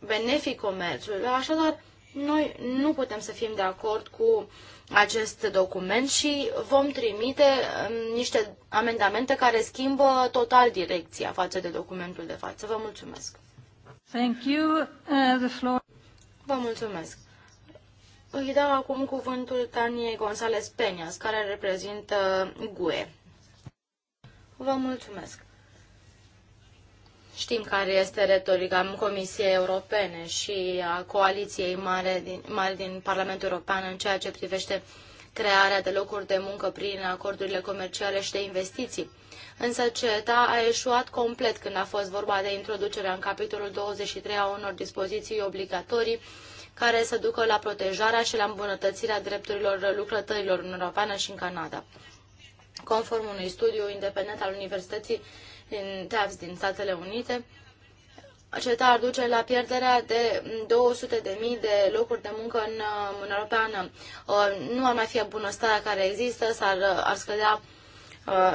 Speaker 3: benefic comerțul. Așadar, noi nu putem să fim de acord cu acest document și vom trimite um, niște amendamente care schimbă total direcția față de documentul de față. Vă mulțumesc.
Speaker 2: Thank you. Uh, the floor.
Speaker 3: Vă mulțumesc. Îi dau acum cuvântul Taniei González Peñas, care reprezintă GUE. Vă mulțumesc. Știm care este retorica Comisiei Europene și a coaliției mare din, mari din Parlamentul European în ceea ce privește crearea de locuri de muncă prin acordurile comerciale și de investiții. Însă CETA a eșuat complet când a fost vorba de introducerea în capitolul 23 a unor dispoziții obligatorii care să ducă la protejarea și la îmbunătățirea drepturilor lucrătorilor în Europeană și în Canada. Conform unui studiu independent al Universității din tavs din Statele Unite. Aceasta ar duce la pierderea de 200.000 de locuri de muncă în uh, Uniunea Europeană. Uh, nu ar mai fi bunăstarea care există, s-ar, uh, ar scădea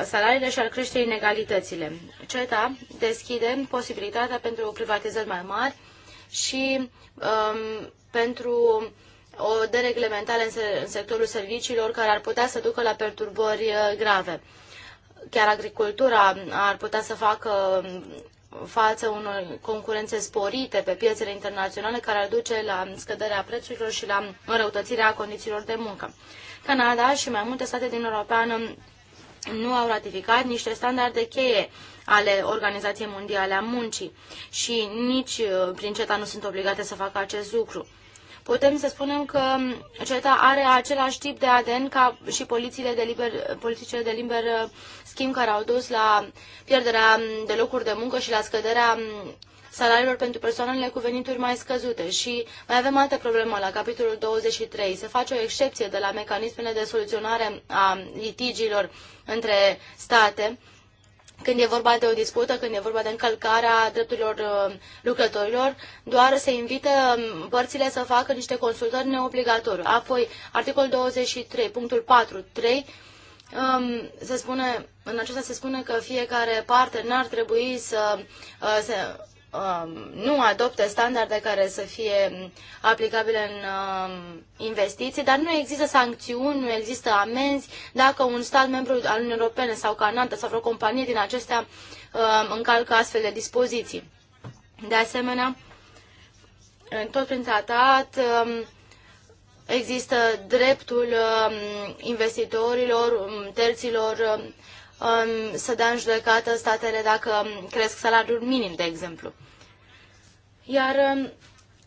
Speaker 3: salariile și ar crește inegalitățile. CETA deschide posibilitatea pentru privatizări mai mari și um, pentru o dereglementare în, sectorul serviciilor care ar putea să ducă la perturbări grave chiar agricultura ar putea să facă față unor concurențe sporite pe piețele internaționale care ar duce la scăderea prețurilor și la înrăutățirea condițiilor de muncă. Canada și mai multe state din Europeană nu au ratificat niște standarde cheie ale Organizației Mondiale a Muncii și nici uh, prin CETA nu sunt obligate să facă acest lucru. Putem să spunem că CETA are același tip de ADN ca și politicile de liber, politicile de liber uh, schimb care au dus la pierderea de locuri de muncă și la scăderea salariilor pentru persoanele cu venituri mai scăzute. Și mai avem altă problemă la capitolul 23. Se face o excepție de la mecanismele de soluționare a litigiilor între state când e vorba de o dispută, când e vorba de încălcarea drepturilor uh, lucrătorilor, doar se invită um, părțile să facă niște consultări neobligatorii. Apoi, articolul 23, punctul 4, 3, se spune, în acesta se spune că fiecare parte n-ar trebui să, uh, se, um, nu adopte standarde care să fie aplicabile în um, investiții, dar nu există sancțiuni, nu există amenzi dacă un stat membru al Uniunii Europene sau Canada sau vreo companie din acestea um, încalcă astfel de dispoziții. De asemenea, în tot prin tratat există dreptul um, investitorilor, um, terților, um, să dea în judecată statele dacă cresc salariul minim, de exemplu. Iar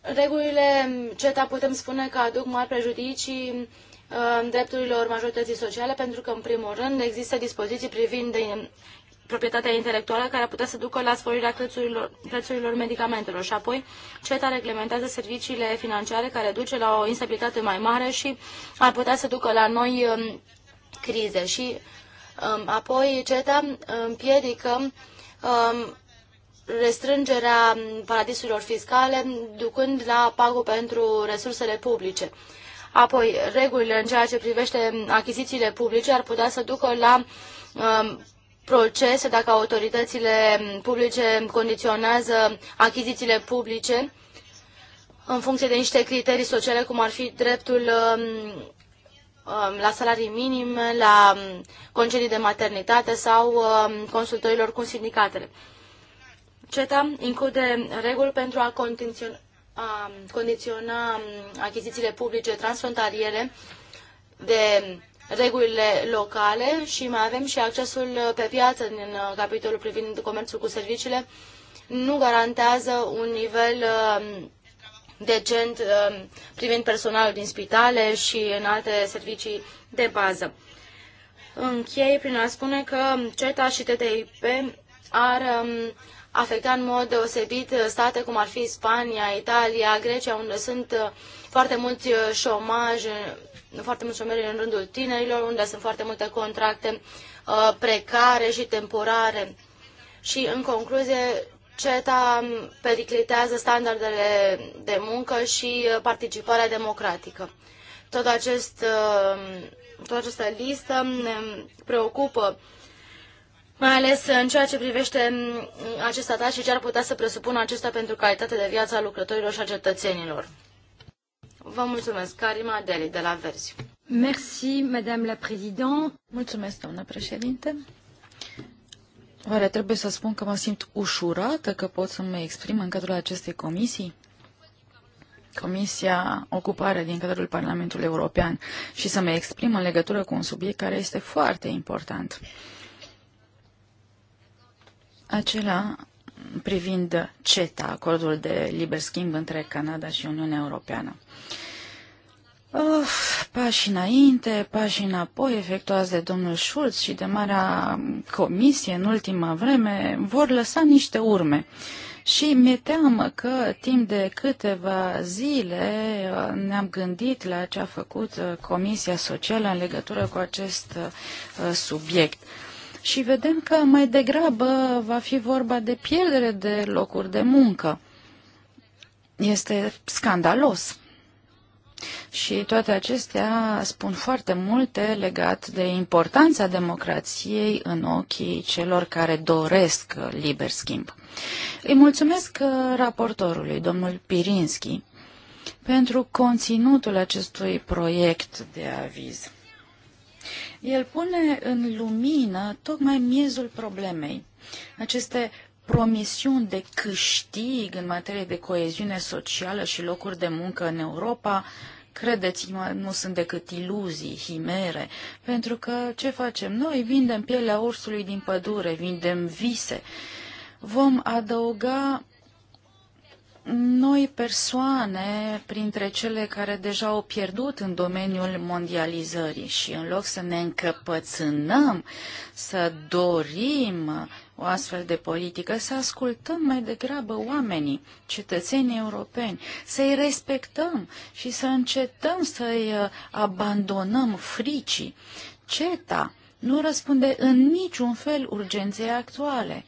Speaker 3: regulile CETA putem spune că aduc mari prejudicii drepturilor majorității sociale, pentru că, în primul rând, există dispoziții privind proprietatea intelectuală care ar putea să ducă la sporirea prețurilor, prețurilor medicamentelor. Și apoi, CETA reglementează serviciile financiare care duce la o instabilitate mai mare și ar putea să ducă la noi um, crize. Și um, apoi, CETA împiedică um, restrângerea paradisurilor fiscale, ducând la pagul pentru resursele publice. Apoi, regulile în ceea ce privește achizițiile publice ar putea să ducă la um, procese dacă autoritățile publice condiționează achizițiile publice în funcție de niște criterii sociale, cum ar fi dreptul um, um, la salarii minime, la um, concedii de maternitate sau consultărilor cu sindicatele. CETA include reguli pentru a condiționa, a condiționa achizițiile publice transfrontaliere de regulile locale și mai avem și accesul uh, pe piață din uh, capitolul privind comerțul cu serviciile, nu garantează un nivel um, decent um, privind personalul din spitale și în alte servicii de bază. Închei prin a spune că CETA și TTIP ar um, afecta în mod deosebit state cum ar fi Spania, Italia, Grecia, unde sunt uh, foarte mulți șomaj foarte mulți șomeri în rândul tinerilor, unde sunt foarte multe contracte uh, precare și temporare. Și, în concluzie, CETA periclitează standardele de muncă și uh, participarea democratică. Tot acest, uh, toată această listă ne preocupă mai ales în ceea ce privește mm, acest atac și ce ar putea să presupună acesta pentru calitatea de viață a lucrătorilor și a cetățenilor. Vă mulțumesc, Karima Deli de la Verzi.
Speaker 2: Merci, Madame la Présidente. Mulțumesc, doamna președinte. Oare trebuie să spun că mă simt ușurată că pot să mă exprim în cadrul acestei comisii? Comisia Ocupare din cadrul Parlamentului European și să mă exprim în legătură cu un subiect care este foarte important. Acela privind CETA, acordul de liber schimb între Canada și Uniunea Europeană. Uh, pași înainte, pași înapoi efectuați de domnul Schulz și de Marea Comisie în ultima vreme vor lăsa niște urme. Și mi-e teamă că timp de câteva zile uh, ne-am gândit la ce a făcut uh, Comisia Socială în legătură cu acest uh, subiect și vedem că mai degrabă va fi vorba de pierdere de locuri de muncă. Este scandalos. Și toate acestea spun foarte multe legat de importanța democrației în ochii celor care doresc liber schimb. Îi mulțumesc uh, raportorului, domnul Pirinski, pentru conținutul acestui proiect de aviz. El pune în lumină tocmai miezul problemei. Aceste promisiuni de câștig în materie de coeziune socială și locuri de muncă în Europa, credeți-mă, nu sunt decât iluzii, himere, pentru că ce facem noi? Vindem pielea ursului din pădure, vindem vise. Vom adăuga noi persoane printre cele care deja au pierdut în domeniul mondializării și în loc să ne încăpățânăm, să dorim o astfel de politică, să ascultăm mai degrabă oamenii, cetățenii europeni, să-i respectăm și să încetăm să-i uh, abandonăm fricii. CETA nu răspunde în niciun fel urgenței actuale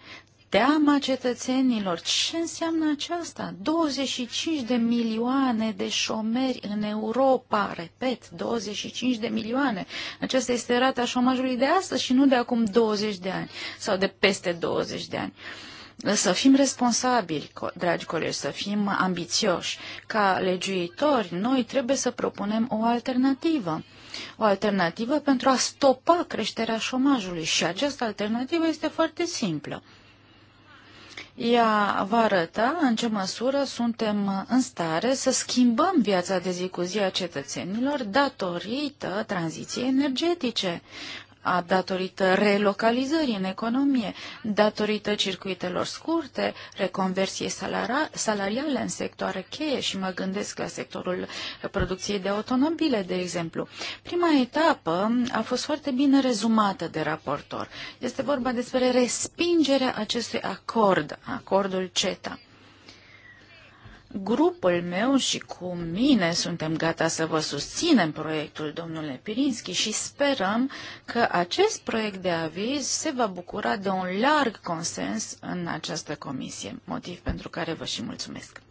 Speaker 2: teama cetățenilor. Ce înseamnă aceasta? 25 de milioane de șomeri în Europa, repet, 25 de milioane. Aceasta este rata șomajului de astăzi și nu de acum 20 de ani sau de peste 20 de ani. Să fim responsabili, dragi colegi, să fim ambițioși. Ca legiuitori, noi trebuie să propunem o alternativă. O alternativă pentru a stopa creșterea șomajului și această alternativă este foarte simplă ea va arăta în ce măsură suntem în stare să schimbăm viața de zi cu zi a cetățenilor datorită tranziției energetice a datorită relocalizării în economie, datorită circuitelor scurte, reconversie salariale în sectoare cheie și mă gândesc la sectorul producției de automobile, de exemplu. Prima etapă a fost foarte bine rezumată de raportor. Este vorba despre respingerea acestui acord, acordul CETA. Grupul meu și cu mine suntem gata să vă susținem proiectul, domnule Pirinski, și sperăm că acest proiect de aviz se va bucura de un larg consens în această comisie, motiv pentru care vă și mulțumesc.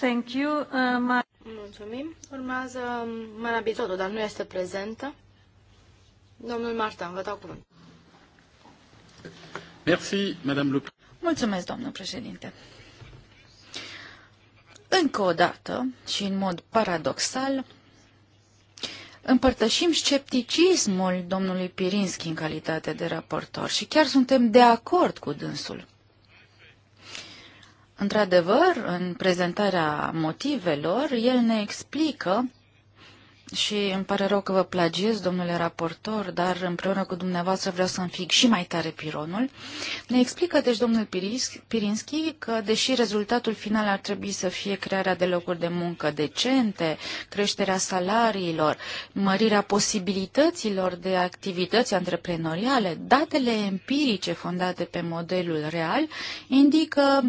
Speaker 1: Thank you. Uh,
Speaker 3: ma... Mulțumim. Urmează um, Mara Bitodo, dar nu este prezentă.
Speaker 2: Domnul Martin, vă dau cuvânt. Merci, Madame Le... Mulțumesc, domnul președinte. Încă o dată și în mod paradoxal, împărtășim scepticismul domnului Pirinski în calitate de raportor și chiar suntem de acord cu dânsul. Într-adevăr, în prezentarea motivelor, el ne explică și îmi pare rău că vă plagiez, domnule raportor, dar împreună cu dumneavoastră vreau să înfig și mai tare pironul. Ne explică, deci, domnul Pirinski că, deși rezultatul final ar trebui să fie crearea de locuri de muncă decente, creșterea salariilor, mărirea posibilităților de activități antreprenoriale, datele empirice fondate pe modelul real indică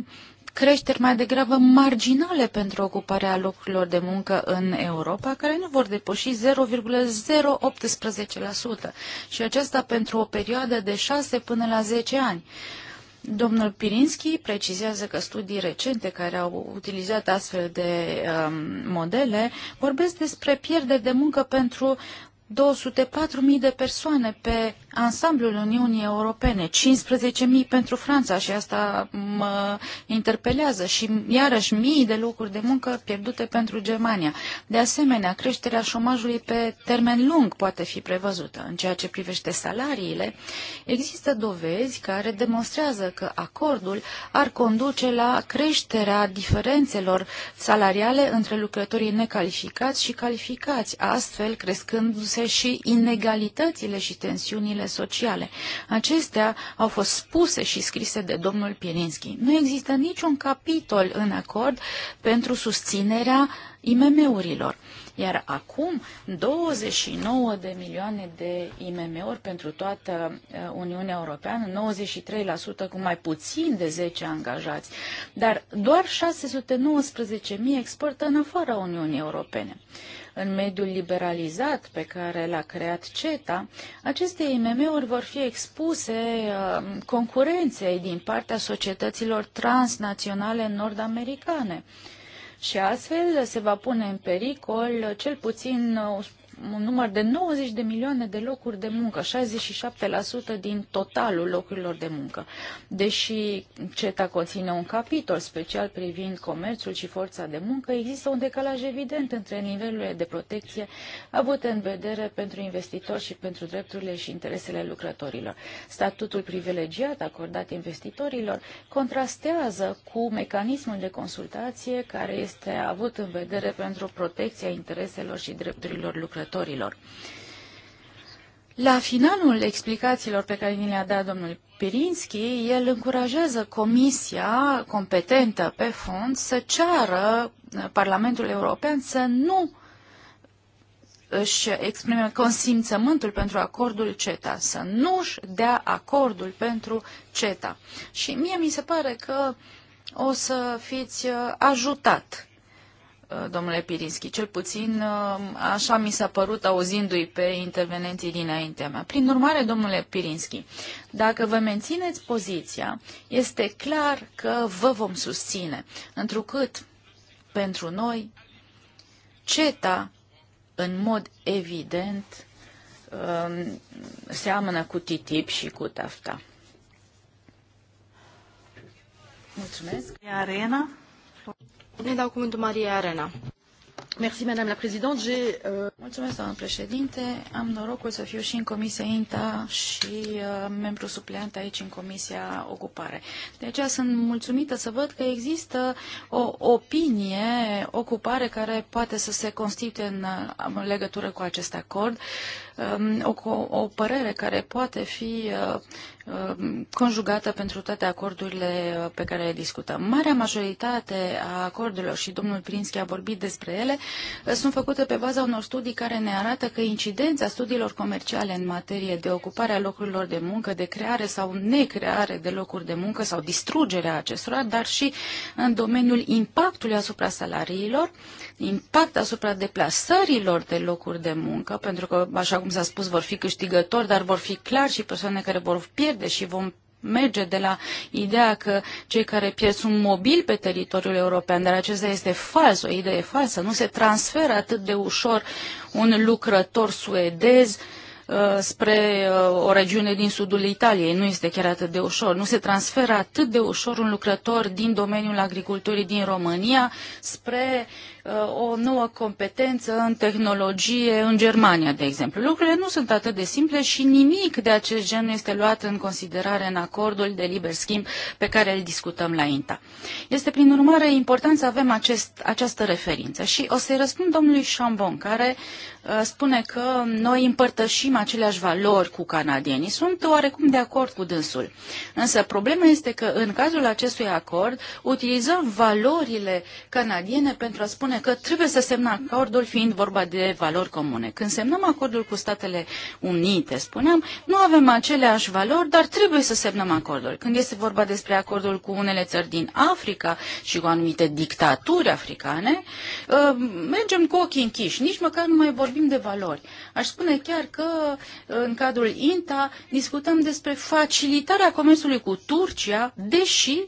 Speaker 2: creșteri mai degrabă marginale pentru ocuparea locurilor de muncă în Europa, care nu vor depăși 0,018% și aceasta pentru o perioadă de 6 până la 10 ani. Domnul Pirinski precizează că studii recente care au utilizat astfel de um, modele vorbesc despre pierderi de muncă pentru 204.000 de persoane pe ansamblul Uniunii Europene, 15.000 pentru Franța și asta mă interpelează și iarăși mii de locuri de muncă pierdute pentru Germania. De asemenea, creșterea șomajului pe termen lung poate fi prevăzută. În ceea ce privește salariile, există dovezi care demonstrează că acordul ar conduce la creșterea diferențelor salariale între lucrătorii necalificați și calificați, astfel crescându-se și inegalitățile și tensiunile sociale. Acestea au fost spuse și scrise de domnul Pierinski. Nu există niciun capitol în acord pentru susținerea IMM-urilor. Iar acum 29 de milioane de IMM-uri pentru toată uh, Uniunea Europeană, 93% cu mai puțin de 10 angajați, dar doar 619.000 exportă în afara Uniunii Europene. În mediul liberalizat pe care l-a creat CETA, aceste IMM-uri vor fi expuse uh, concurenței din partea societăților transnaționale nord-americane și astfel se va pune în pericol cel puțin uh, un număr de 90 de milioane de locuri de muncă, 67% din totalul locurilor de muncă. Deși CETA conține un capitol special privind comerțul și forța de muncă, există un decalaj evident între nivelurile de protecție avute în vedere pentru investitori și pentru drepturile și interesele lucrătorilor. Statutul privilegiat acordat investitorilor contrastează cu mecanismul de consultație care este avut în vedere pentru protecția intereselor și drepturilor lucrătorilor lucrătorilor. La finalul explicațiilor pe care ni le-a dat domnul Pirinski, el încurajează comisia competentă pe fond să ceară Parlamentul European să nu își exprime consimțământul pentru acordul CETA, să nu-și dea acordul pentru CETA. Și mie mi se pare că o să fiți ajutat Uh, domnule Pirinski. Cel puțin uh, așa mi s-a părut auzindu-i pe intervenenții dinaintea mea. Prin urmare, domnule Pirinski, dacă vă mențineți poziția, este clar că vă vom susține, întrucât pentru noi CETA, în mod evident, um, seamănă cu TTIP și cu TAFTA. Mulțumesc. Arena. Euh, Mulțumesc, doamnă președinte. Am norocul să fiu și în Comisia INTA și uh, membru supleant aici în Comisia Ocupare. De aceea sunt mulțumită să văd că există o opinie ocupare care poate să se constituie în, în uh, legătură cu acest acord. Uh, Um, o, o părere care poate fi uh, um, conjugată pentru toate acordurile uh, pe care le discutăm. Marea majoritate a acordurilor, și domnul Prinski a vorbit despre ele, uh, sunt făcute pe baza unor studii care ne arată că incidența studiilor comerciale în materie de ocupare a locurilor de muncă, de creare sau necreare de locuri de muncă sau distrugerea acestora, dar și în domeniul impactului asupra salariilor, impact asupra deplasărilor de locuri de muncă, pentru că, așa cum mi s-a spus, vor fi câștigători, dar vor fi clar și persoane care vor pierde și vom merge de la ideea că cei care pierd sunt mobili pe teritoriul european, dar acesta este fals, o idee falsă. Nu se transferă atât de ușor un lucrător suedez uh, spre uh, o regiune din sudul Italiei. Nu este chiar atât de ușor. Nu se transferă atât de ușor un lucrător din domeniul agriculturii din România spre o nouă competență în tehnologie în Germania, de exemplu. Lucrurile nu sunt atât de simple și nimic de acest gen nu este luat în considerare în acordul de liber schimb pe care îl discutăm la INTA. Este, prin urmare, important să avem acest, această referință. Și o să-i răspund domnului Chambon, care uh, spune că noi împărtășim aceleași valori cu canadienii. Sunt oarecum de acord cu dânsul. Însă problema este că în cazul acestui acord utilizăm valorile canadiene pentru a spune că trebuie să semnăm acordul fiind vorba de valori comune. Când semnăm acordul cu Statele Unite, spuneam, nu avem aceleași valori, dar trebuie să semnăm acordul. Când este vorba despre acordul cu unele țări din Africa și cu anumite dictaturi africane, uh, mergem cu ochii închiși, nici măcar nu mai vorbim de valori. Aș spune chiar că uh, în cadrul INTA discutăm despre facilitarea comerțului cu Turcia, deși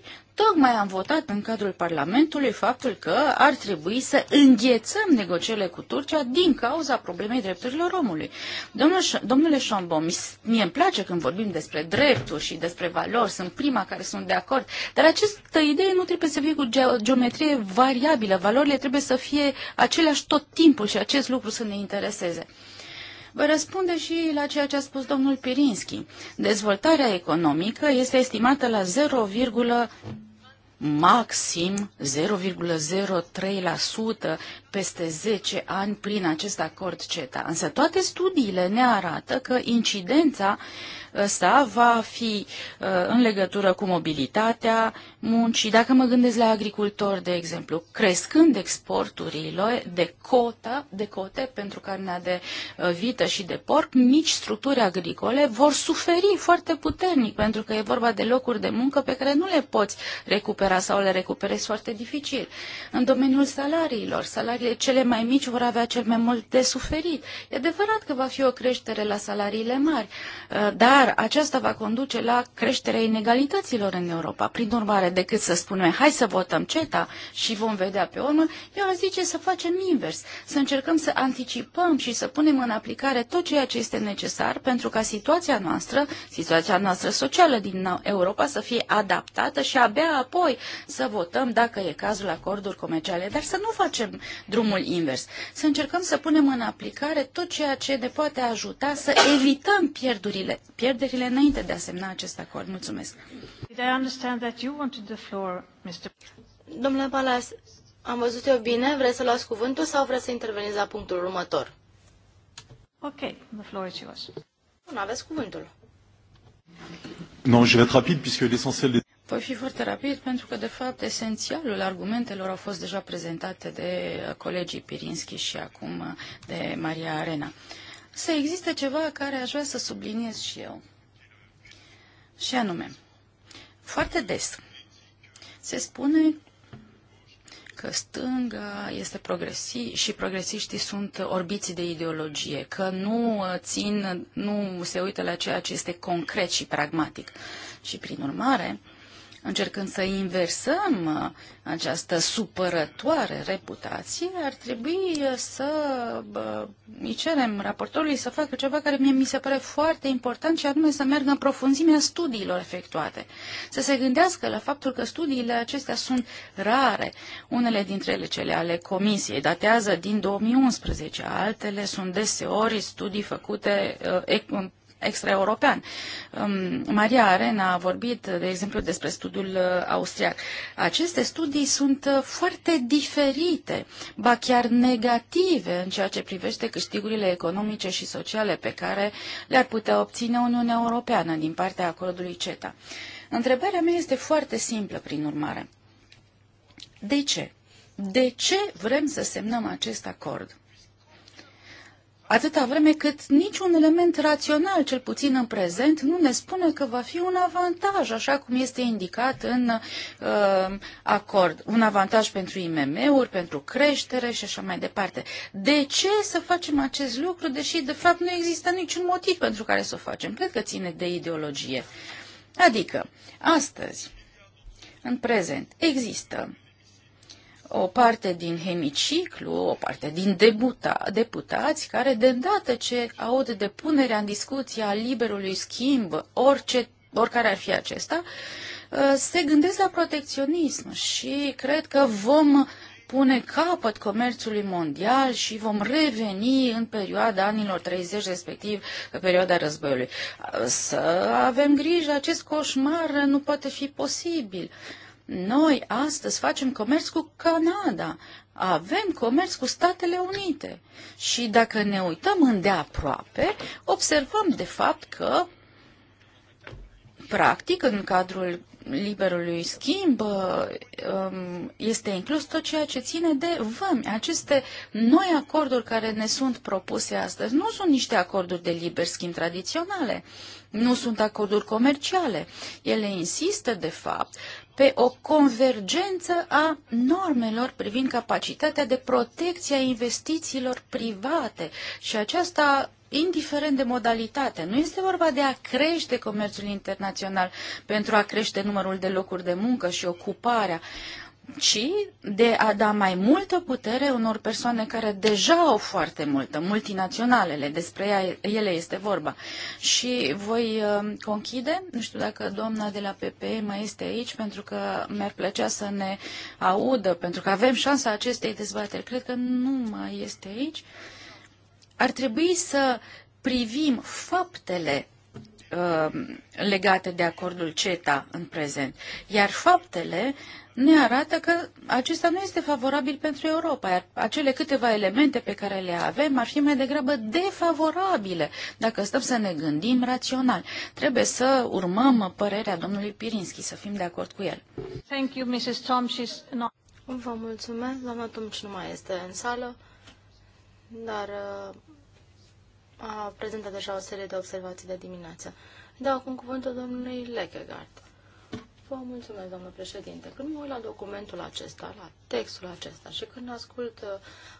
Speaker 2: Tocmai am votat în cadrul Parlamentului faptul că ar trebui să înghețăm negocierile cu Turcia din cauza problemei drepturilor omului. Domnul, domnule Șambom, mie îmi place când vorbim despre drepturi și despre valori, sunt prima care sunt de acord, dar această idee nu trebuie să fie cu geometrie variabilă, valorile trebuie să fie aceleași tot timpul și acest lucru să ne intereseze. Vă răspunde și la ceea ce a spus domnul Pirinski. Dezvoltarea economică este estimată la 0, maxim 0,03% peste 10 ani prin acest acord CETA. Însă toate studiile ne arată că incidența ăsta va fi uh, în legătură cu mobilitatea muncii. Dacă mă gândesc la agricultori, de exemplu, crescând exporturile de, cotă, de cote pentru carnea de uh, vită și de porc, mici structuri agricole vor suferi foarte puternic pentru că e vorba de locuri de muncă pe care nu le poți recupera recupera sau le recuperezi foarte dificil. În domeniul salariilor, salariile cele mai mici vor avea cel mai mult de suferit. E adevărat că va fi o creștere la salariile mari, uh, dar aceasta va conduce la creșterea inegalităților în Europa. Prin urmare, decât să spunem, hai să votăm CETA și vom vedea pe urmă, eu aș zice să facem invers, să încercăm să anticipăm și să punem în aplicare tot ceea ce este necesar pentru ca situația noastră, situația noastră socială din Europa să fie adaptată și abia apoi să votăm, dacă e cazul, acorduri comerciale, dar să nu facem drumul invers, să încercăm să punem în aplicare tot ceea ce ne poate ajuta să evităm pierdurile, pierderile înainte de a semna acest acord. Mulțumesc.
Speaker 3: Domnule Palas, am văzut eu bine? Vreți să luați cuvântul sau vreți să interveniți la punctul următor? Ok, the floor is
Speaker 2: yours. Bun, aveți cuvântul.
Speaker 1: no, je vais être rapide puisque l'essentiel des...
Speaker 2: Voi fi foarte rapid pentru că, de fapt, esențialul argumentelor au fost deja prezentate de colegii Pirinski și acum de Maria Arena. Să existe ceva care aș vrea să subliniez și eu. Și anume, foarte des se spune că stânga este progresi și progresiștii sunt orbiți de ideologie, că nu țin, nu se uită la ceea ce este concret și pragmatic. Și prin urmare, încercând să inversăm uh, această supărătoare reputație, ar trebui uh, să uh, îi cerem raportorului să facă ceva care mie mi se pare foarte important și anume să meargă în profunzimea studiilor efectuate. Să se gândească la faptul că studiile acestea sunt rare. Unele dintre ele, cele ale comisiei, datează din 2011, altele sunt deseori studii făcute extraeuropean. Um, Maria Arena a vorbit, de exemplu, despre studiul uh, austriac. Aceste studii sunt uh, foarte diferite, ba chiar negative în ceea ce privește câștigurile economice și sociale pe care le-ar putea obține Uniunea Europeană din partea acordului CETA. Întrebarea mea este foarte simplă, prin urmare. De ce? De ce vrem să semnăm acest acord? atâta vreme cât niciun element rațional, cel puțin în prezent, nu ne spune că va fi un avantaj, așa cum este indicat în uh, acord. Un avantaj pentru IMM-uri, pentru creștere și așa mai departe. De ce să facem acest lucru, deși de fapt nu există niciun motiv pentru care să o facem? Cred că ține de ideologie. Adică, astăzi, în prezent, există o parte din hemiciclu, o parte din debuta, deputați care, de îndată ce aud depunerea în discuție a liberului schimb, orice, oricare ar fi acesta, uh, se gândesc la protecționism și cred că vom pune capăt comerțului mondial și vom reveni în perioada anilor 30, respectiv perioada războiului. Uh, să avem grijă, acest coșmar nu poate fi posibil. Noi astăzi facem comerț cu Canada, avem comerț cu Statele Unite și dacă ne uităm îndeaproape, observăm de fapt că practic, în cadrul liberului schimb, um, este inclus tot ceea ce ține de vămi. Aceste noi acorduri care ne sunt propuse astăzi nu sunt niște acorduri de liber schimb tradiționale, nu sunt acorduri comerciale. Ele insistă, de fapt, pe o convergență a normelor privind capacitatea de protecție a investițiilor private și aceasta indiferent de modalitate. Nu este vorba de a crește comerțul internațional pentru a crește numărul de locuri de muncă și ocuparea ci de a da mai multă putere unor persoane care deja au foarte multă, multinaționalele, despre ele este vorba. Și voi uh, conchide, nu știu dacă doamna de la PPE mai este aici, pentru că mi-ar plăcea să ne audă, pentru că avem șansa acestei dezbateri. Cred că nu mai este aici. Ar trebui să privim faptele Uh, legate de acordul CETA în prezent. Iar faptele ne arată că acesta nu este favorabil pentru Europa, iar acele câteva elemente pe care le avem ar fi mai degrabă defavorabile, dacă stăm să ne gândim rațional. Trebuie să urmăm părerea domnului Pirinski, să fim de acord cu el.
Speaker 3: Thank you, Mrs. Tom. She's not... Vă mulțumesc, doamna Tomci nu mai este în sală, dar uh, a prezentat deja o serie de observații de dimineață. Dau acum cuvântul domnului Lechegard. Vă mulțumesc, domnul președinte. Când mă uit la documentul acesta, la textul acesta și când ascult uh,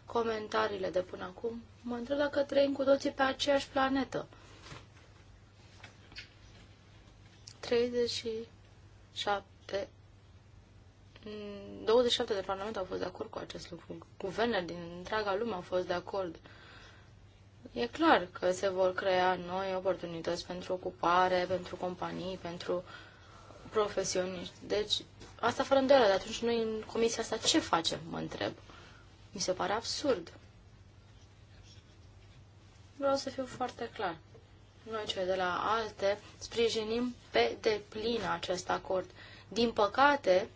Speaker 3: comentariile de până acum, mă întreb dacă trăim cu toții pe aceeași planetă. 37 27 mm, de parlament au fost de acord cu acest lucru. Guvernele din întreaga lume au fost de acord. Uh, E clar că se vor crea noi oportunități pentru ocupare, pentru companii, pentru profesioniști. Deci, asta fără îndoială, dar atunci noi în comisia asta ce facem, mă întreb. Mi se pare absurd.
Speaker 1: Vreau să fiu foarte clar.
Speaker 3: Noi cei de la alte sprijinim pe deplin acest acord. Din păcate,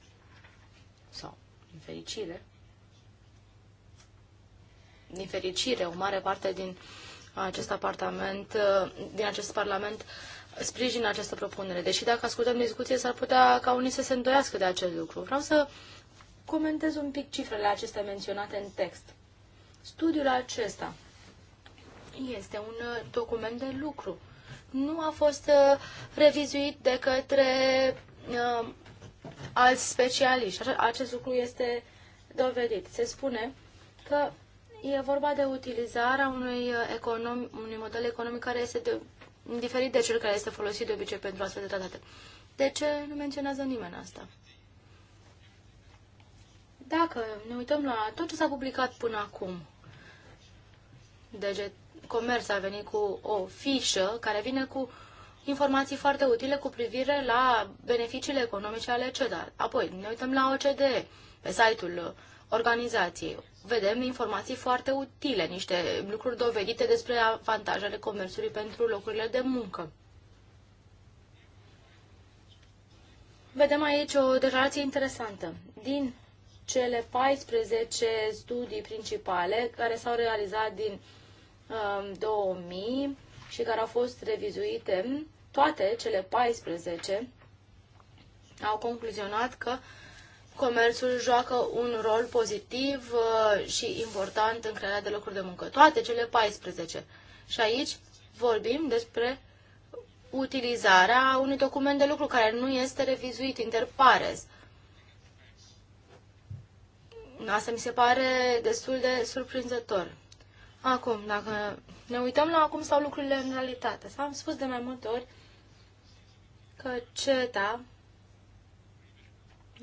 Speaker 3: sau din fericire, din fericire, o mare parte din acest apartament, uh, din acest parlament sprijină această propunere. Deși dacă ascultăm discuție, s-ar putea ca unii să se îndoiască de acest lucru. Vreau să comentez un pic cifrele acestea menționate în text. Studiul acesta este un uh, document de lucru. Nu a fost uh, revizuit de către uh, alți specialiști. Acest lucru este dovedit. Se spune că E vorba de utilizarea unui, uh, econom, unui model economic care este de, diferit de cel care este folosit de obicei pentru astfel de tratate. De ce nu menționează nimeni asta? Dacă ne uităm la tot ce s-a publicat până acum, DG Comerț a venit cu o fișă care vine cu informații foarte utile cu privire la beneficiile economice ale CEDA. Apoi ne uităm la OCDE, pe site-ul uh, organizației. Vedem informații foarte utile, niște lucruri dovedite despre avantajele comerțului pentru locurile de muncă. Vedem aici o declarație interesantă. Din cele 14 studii principale care s-au realizat din um, 2000 și care au fost revizuite, toate cele 14 au concluzionat că comerțul joacă un rol pozitiv uh, și important în crearea de locuri de muncă. Toate cele 14. Și aici vorbim despre utilizarea unui document de lucru care nu este revizuit, interpares. Asta mi se pare destul de surprinzător. Acum, dacă ne uităm la cum stau lucrurile în realitate, s-am spus de mai multe ori că CETA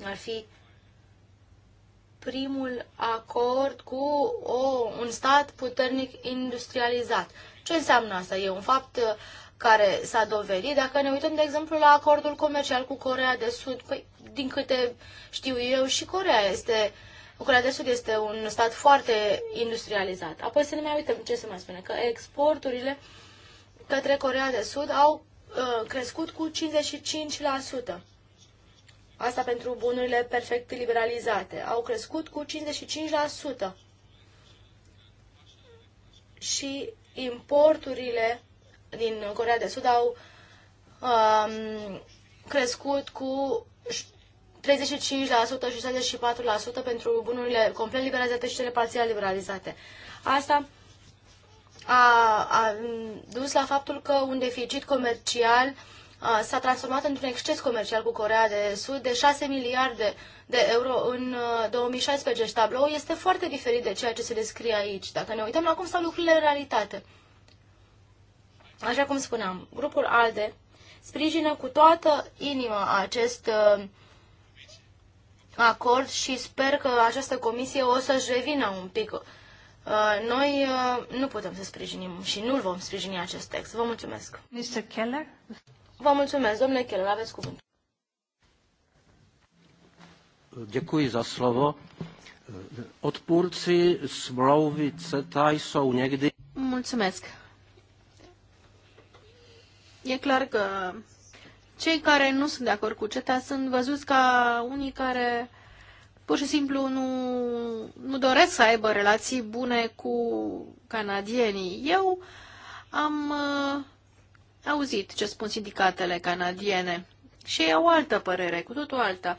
Speaker 3: ar fi primul acord cu o, un stat puternic industrializat. Ce înseamnă asta? E un fapt uh, care s-a dovedit. Dacă ne uităm, de exemplu, la acordul comercial cu Corea de Sud, păi, din câte știu eu, și Corea este Corea de Sud este un stat foarte industrializat. Apoi să ne mai uităm ce se mai spune, că exporturile către Corea de Sud au uh, crescut cu 55%. Asta pentru bunurile perfect liberalizate. Au crescut cu 55%. Și importurile din Corea de Sud au um, crescut cu 35% și 64% pentru bunurile complet liberalizate și cele parțial liberalizate. Asta a, a dus la faptul că un deficit comercial uh, s-a transformat într-un exces comercial cu Corea de Sud de 6 miliarde de euro în 2016. Și tablou este foarte diferit de ceea ce se descrie aici, dacă ne uităm la cum stau lucrurile în realitate. Așa cum spuneam, grupul ALDE sprijină cu toată inima acest acord și sper că această comisie o să-și revină un pic. noi nu putem să sprijinim și nu-l vom sprijini acest text. Vă mulțumesc. Mr. Keller? Vă mulțumesc, domnule Cheller, aveți cuvânt.
Speaker 1: Děkuji za slovo. Odpůrci smlouvy CETA jsou někdy... Mulțumesc. E clar că cei care nu sunt de acord cu CETA sunt văzuți ca unii care pur și simplu nu, nu doresc să aibă relații bune cu canadienii. Eu am uh, auzit ce spun sindicatele canadiene și ei au altă părere, cu totul alta.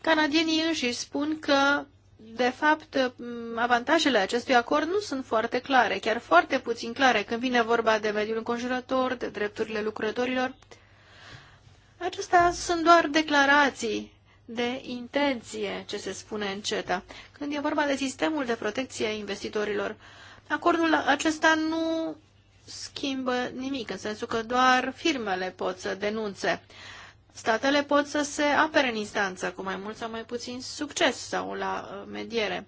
Speaker 1: Canadienii își spun că, de fapt, avantajele acestui acord nu sunt foarte clare, chiar foarte puțin clare când vine vorba de mediul înconjurător, de drepturile lucrătorilor. Acestea sunt doar declarații de intenție, ce se spune în CETA, când e vorba de sistemul de protecție a investitorilor. Acordul acesta nu schimbă nimic, în sensul că doar firmele pot să denunțe. Statele pot să se apere în instanță, cu mai mult sau mai puțin succes sau la uh, mediere.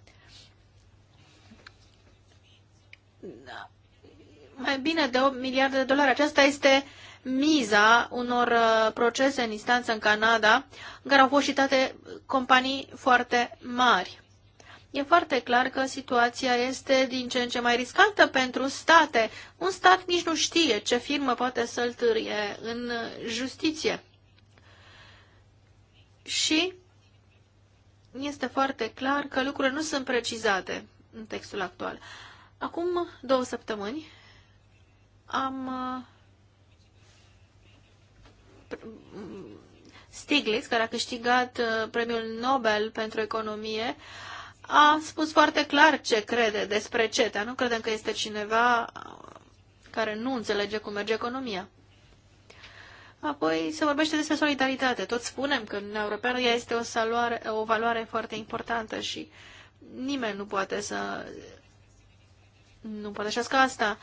Speaker 1: Mai bine de 8 miliarde de dolari. Aceasta este miza unor uh, procese în instanță în Canada, în care au fost citate companii foarte mari e foarte clar că situația este din ce în ce mai riscantă pentru state. Un stat nici nu știe ce firmă poate să-l târie în justiție. Și este foarte clar că lucrurile nu sunt precizate în textul actual. Acum două săptămâni am uh, Stiglitz, care a câștigat uh, premiul Nobel pentru economie, a spus foarte clar ce crede despre CETA. Nu credem că este cineva care nu înțelege cum merge economia. Apoi se vorbește despre solidaritate. Tot spunem că Uniunea Europeană ea este o, saloare, o valoare foarte importantă și nimeni nu poate să nu poate așa asta.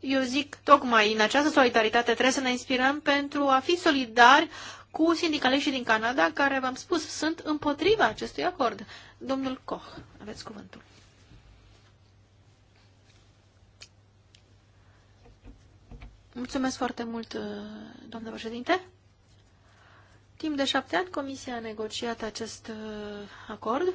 Speaker 1: Eu zic, tocmai în această solidaritate trebuie să ne inspirăm pentru a fi solidari cu sindicaliștii din Canada, care, v-am spus, sunt împotriva acestui acord. Domnul Koch, aveți cuvântul. Mulțumesc foarte mult, uh, doamnă președinte. Timp de șapte ani, Comisia a negociat acest uh, acord.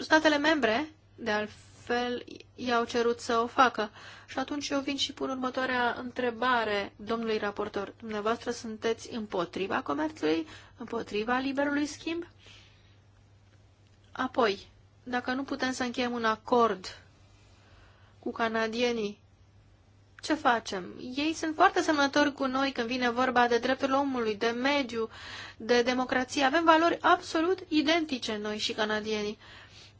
Speaker 1: Statele membre, de altfel, i-au cerut să o facă. Și atunci eu vin și pun următoarea întrebare domnului raportor. Dumneavoastră sunteți împotriva comerțului, împotriva liberului schimb? Apoi, dacă nu putem să încheiem un acord cu canadienii, ce facem? Ei sunt foarte semnători cu noi când vine vorba de dreptul omului, de mediu, de democrație. Avem valori absolut identice noi și canadienii.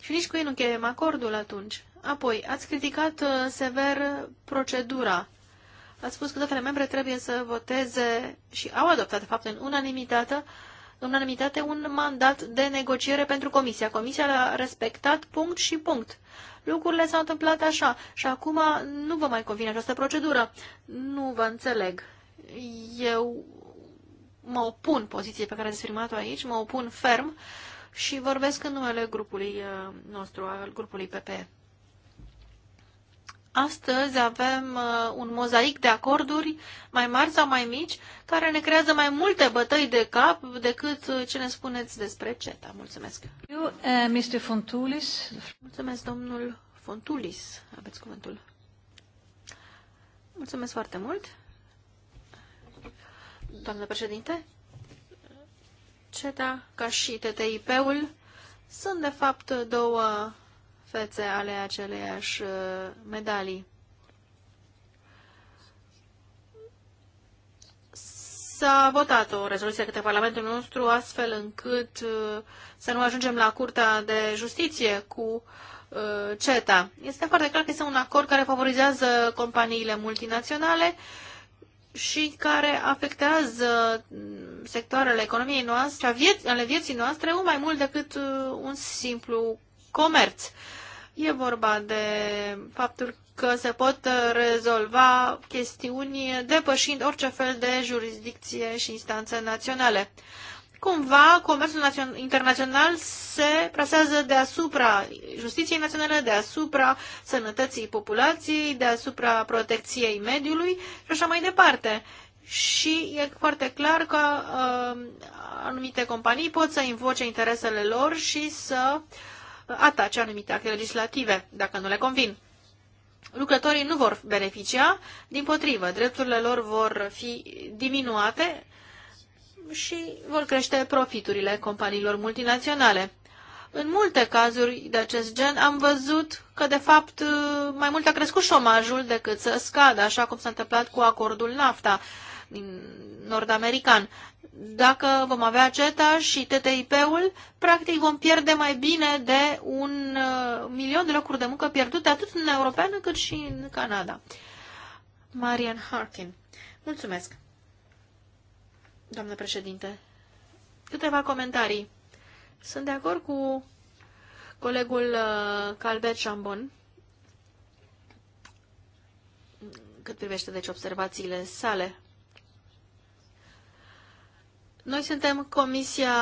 Speaker 1: Și nici cu ei nu încheiem acordul atunci. Apoi, ați criticat uh, sever procedura. Ați spus că toate membre trebuie să voteze și au adoptat, de fapt, în unanimitate în unanimitate un mandat de negociere pentru Comisia. Comisia l-a respectat punct și punct. Lucrurile s-au întâmplat așa și acum nu vă mai convine această procedură. Nu vă înțeleg. Eu mă opun poziției pe care ați exprimat-o aici, mă opun ferm și vorbesc în numele grupului uh, nostru, al grupului PPE. Astăzi avem uh, un mozaic de acorduri mai mari sau mai mici care ne creează mai multe bătăi de cap decât uh, ce ne spuneți despre CETA. Mulțumesc. Eu, uh, Mr.
Speaker 2: Fontulis.
Speaker 1: Mulțumesc, domnul Fontulis. Aveți cuvântul. Mulțumesc foarte mult. Doamnă președinte, CETA, ca și TTIP-ul, sunt de fapt două fețe ale aceleiași uh, medalii. S-a votat o rezoluție către Parlamentul nostru astfel încât uh, să nu ajungem la Curtea de Justiție cu uh, CETA. Este foarte clar că este un acord care favorizează companiile multinaționale și care afectează mm, sectoarele economiei noastre, ale vieții noastre, mai mult decât un simplu comerț. E vorba de faptul că se pot rezolva chestiuni depășind orice fel de jurisdicție și instanțe naționale. Cumva, comerțul internațional se plasează deasupra justiției naționale, deasupra sănătății populației, deasupra protecției mediului și așa mai departe. Și e foarte clar că uh, anumite companii pot să invoce interesele lor și să uh, atace anumite acte legislative, dacă nu le convin. Lucrătorii nu vor beneficia, din potrivă, drepturile lor vor fi diminuate și vor crește profiturile companiilor multinaționale. În multe cazuri de acest gen am văzut că, de fapt, mai mult a crescut șomajul decât să scadă, așa cum s-a întâmplat cu acordul NAFTA din nord-american dacă vom avea CETA și TTIP-ul, practic vom pierde mai bine de un uh, milion de locuri de muncă pierdute atât în Europeană cât și în Canada. Marian Harkin. Mulțumesc, doamnă președinte. Câteva comentarii. Sunt de acord cu colegul uh, Calvet Chambon cât privește deci observațiile sale noi suntem Comisia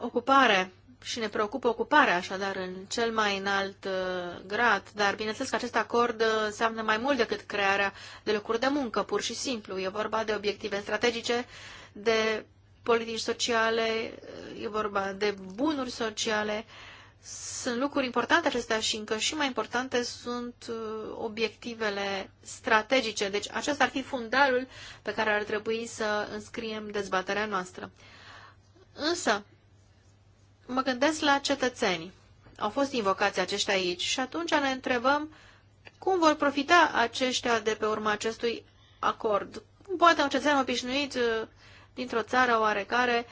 Speaker 1: Ocupare și ne preocupă ocuparea, așadar, în cel mai înalt uh, grad, dar bineînțeles că acest acord uh, înseamnă mai mult decât crearea de locuri de muncă, pur și simplu. E vorba de obiective strategice, de politici sociale, uh, e vorba de bunuri sociale, uh, sunt lucruri importante acestea și încă și mai importante sunt uh, obiectivele strategice. Deci acesta ar fi fundalul pe care ar trebui să înscriem dezbaterea noastră. Însă, mă gândesc la cetățenii. Au fost invocați aceștia aici și atunci ne întrebăm cum vor profita aceștia de pe urma acestui acord. Poate un cetățean obișnuit uh, dintr-o țară oarecare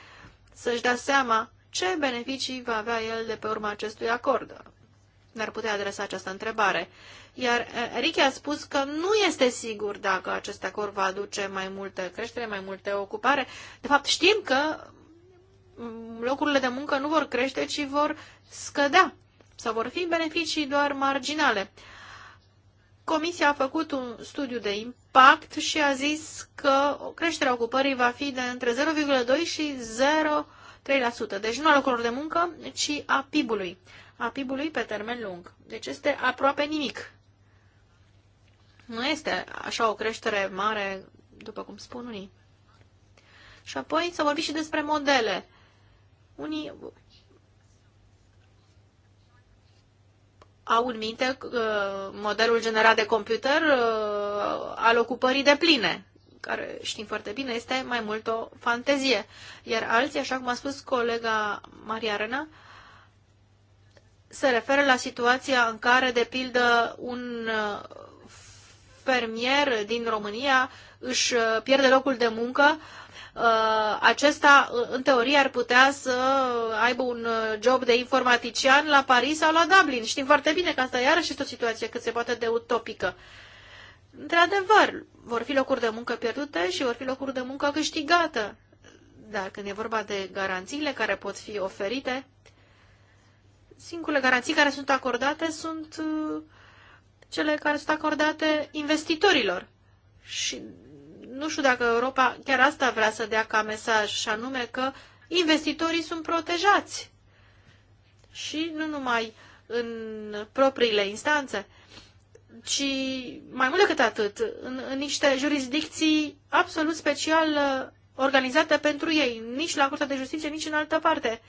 Speaker 1: să-și dea seama ce beneficii va avea el de pe urma acestui acord? Ne-ar putea adresa această întrebare. Iar Ricky a spus că nu este sigur dacă acest acord va aduce mai multă creștere, mai multă ocupare. De fapt, știm că locurile de muncă nu vor crește, ci vor scădea sau vor fi beneficii doar marginale. Comisia a făcut un studiu de impact și a zis că creșterea ocupării va fi de între 0,2 și 0. 3%. Deci nu a locurilor de muncă, ci a PIB-ului. A PIB-ului pe termen lung. Deci este aproape nimic. Nu este așa o creștere mare, după cum spun unii. Și apoi să vorbim și despre modele. Unii au în minte uh, modelul generat de computer uh, al ocupării de pline care știm foarte bine, este mai mult o fantezie. Iar alții, așa cum a spus colega Maria Rena, se referă la situația în care, de pildă, un uh, fermier din România își uh, pierde locul de muncă, uh, acesta, în teorie, ar putea să aibă un job de informatician la Paris sau la Dublin. Știm foarte bine că asta iarăși este o situație cât se poate de utopică. Uh, Într-adevăr, vor fi locuri de muncă pierdute și vor fi locuri de muncă câștigată. Dar când e vorba de garanțiile care pot fi oferite, singurele garanții care sunt acordate sunt uh, cele care sunt acordate investitorilor. Și nu știu dacă Europa chiar asta vrea să dea ca mesaj, și anume că investitorii sunt protejați. Și nu numai în propriile instanțe, ci mai mult decât atât, în, în niște jurisdicții absolut special uh, organizate pentru ei, nici la Curtea de Justiție, nici în altă parte.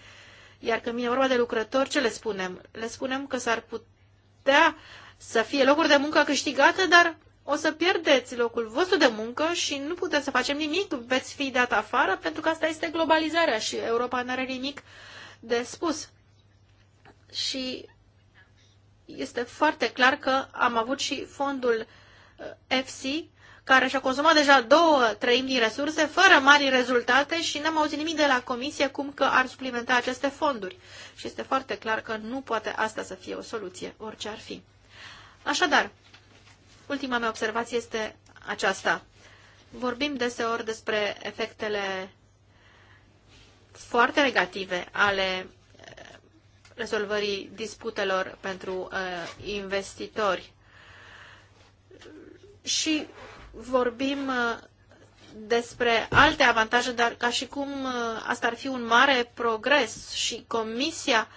Speaker 1: Iar când vine vorba de lucrători, ce le spunem? Le spunem că s-ar putea să fie locuri de muncă câștigate, dar o să pierdeți locul vostru de muncă și nu puteți să facem nimic, veți fi dat afară, pentru că asta este globalizarea și Europa nu are nimic de spus. Și este foarte clar că am avut și fondul uh, FC, care și-a consumat deja două treimi din resurse, fără mari rezultate și n-am auzit nimic de la comisie cum că ar suplimenta aceste fonduri. Și este foarte clar că nu poate asta să fie o soluție, orice ar fi. Așadar, ultima mea observație este aceasta. Vorbim deseori despre efectele foarte negative ale rezolvării disputelor pentru uh, investitori. Și vorbim uh, despre alte avantaje, dar ca și cum uh, asta ar fi un mare progres și Comisia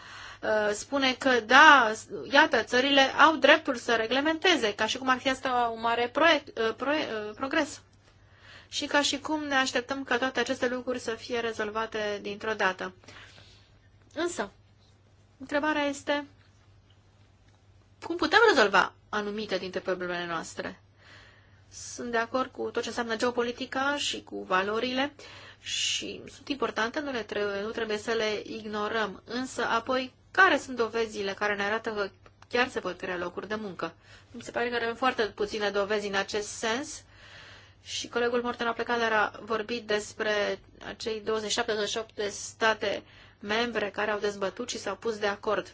Speaker 1: uh, spune că da, iată, țările au dreptul să reglementeze, ca și cum ar fi asta un mare proiect, uh, pro, uh, progres. Și ca și cum ne așteptăm ca toate aceste lucruri să fie rezolvate dintr-o dată. Însă, Întrebarea este cum putem rezolva anumite dintre problemele noastre. Sunt de acord cu tot ce înseamnă geopolitica și cu valorile și sunt importante, nu, le trebuie, nu trebuie să le ignorăm. Însă, apoi, care sunt dovezile care ne arată că chiar se pot crea locuri de muncă? Mi se pare că avem foarte puține dovezi în acest sens și colegul Morten a plecat, dar a vorbit despre acei 27-28 de state membre care au dezbătut și s-au pus de acord.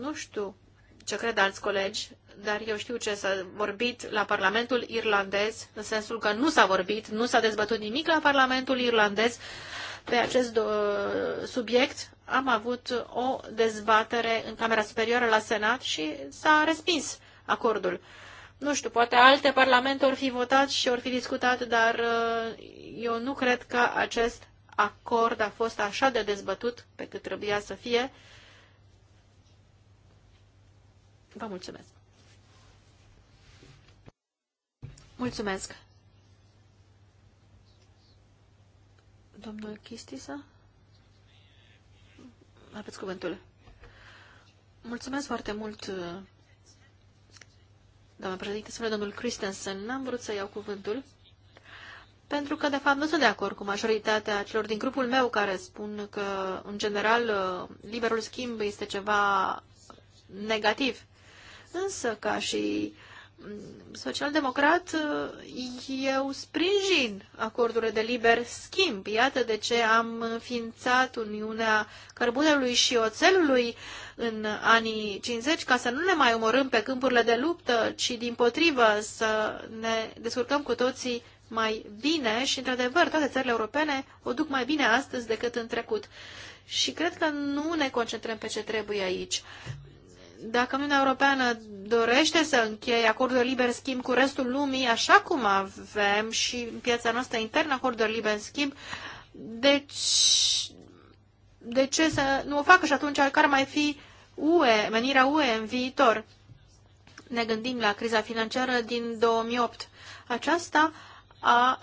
Speaker 1: Nu știu ce cred alți colegi, dar eu știu ce s-a vorbit la Parlamentul irlandez, în sensul că nu s-a vorbit, nu s-a dezbătut nimic la Parlamentul irlandez pe acest subiect. Am avut o dezbatere în Camera Superioară la Senat și s-a respins acordul. Nu știu, poate alte parlamente ori fi votat și ori fi discutat, dar uh, eu nu cred că acest acord a fost așa de dezbătut pe cât trebuia să fie. Vă mulțumesc! Mulțumesc! Domnul Chistisa? Aveți cuvântul. Mulțumesc foarte mult, doamna președinte, spune domnul Christensen. N-am vrut să iau cuvântul pentru că, de fapt, nu sunt de acord cu majoritatea celor din grupul meu care spun că, în general, uh, liberul schimb este ceva negativ. Însă, ca și mm, social-democrat, uh, eu sprijin acordurile de liber schimb. Iată de ce am înființat Uniunea Cărbunelui și Oțelului în anii 50, ca să nu ne mai omorâm pe câmpurile de luptă, ci din potrivă să ne descurcăm cu toții mai bine și, într-adevăr, toate țările europene o duc mai bine astăzi decât în trecut. Și cred că nu ne concentrăm pe ce trebuie aici. Dacă Uniunea Europeană dorește să încheie acorduri liber schimb cu restul lumii, așa cum avem și în piața noastră internă acorduri liber schimb, deci de ce să nu o facă și atunci care mai fi UE, menirea UE în viitor? Ne gândim la criza financiară din 2008. Aceasta a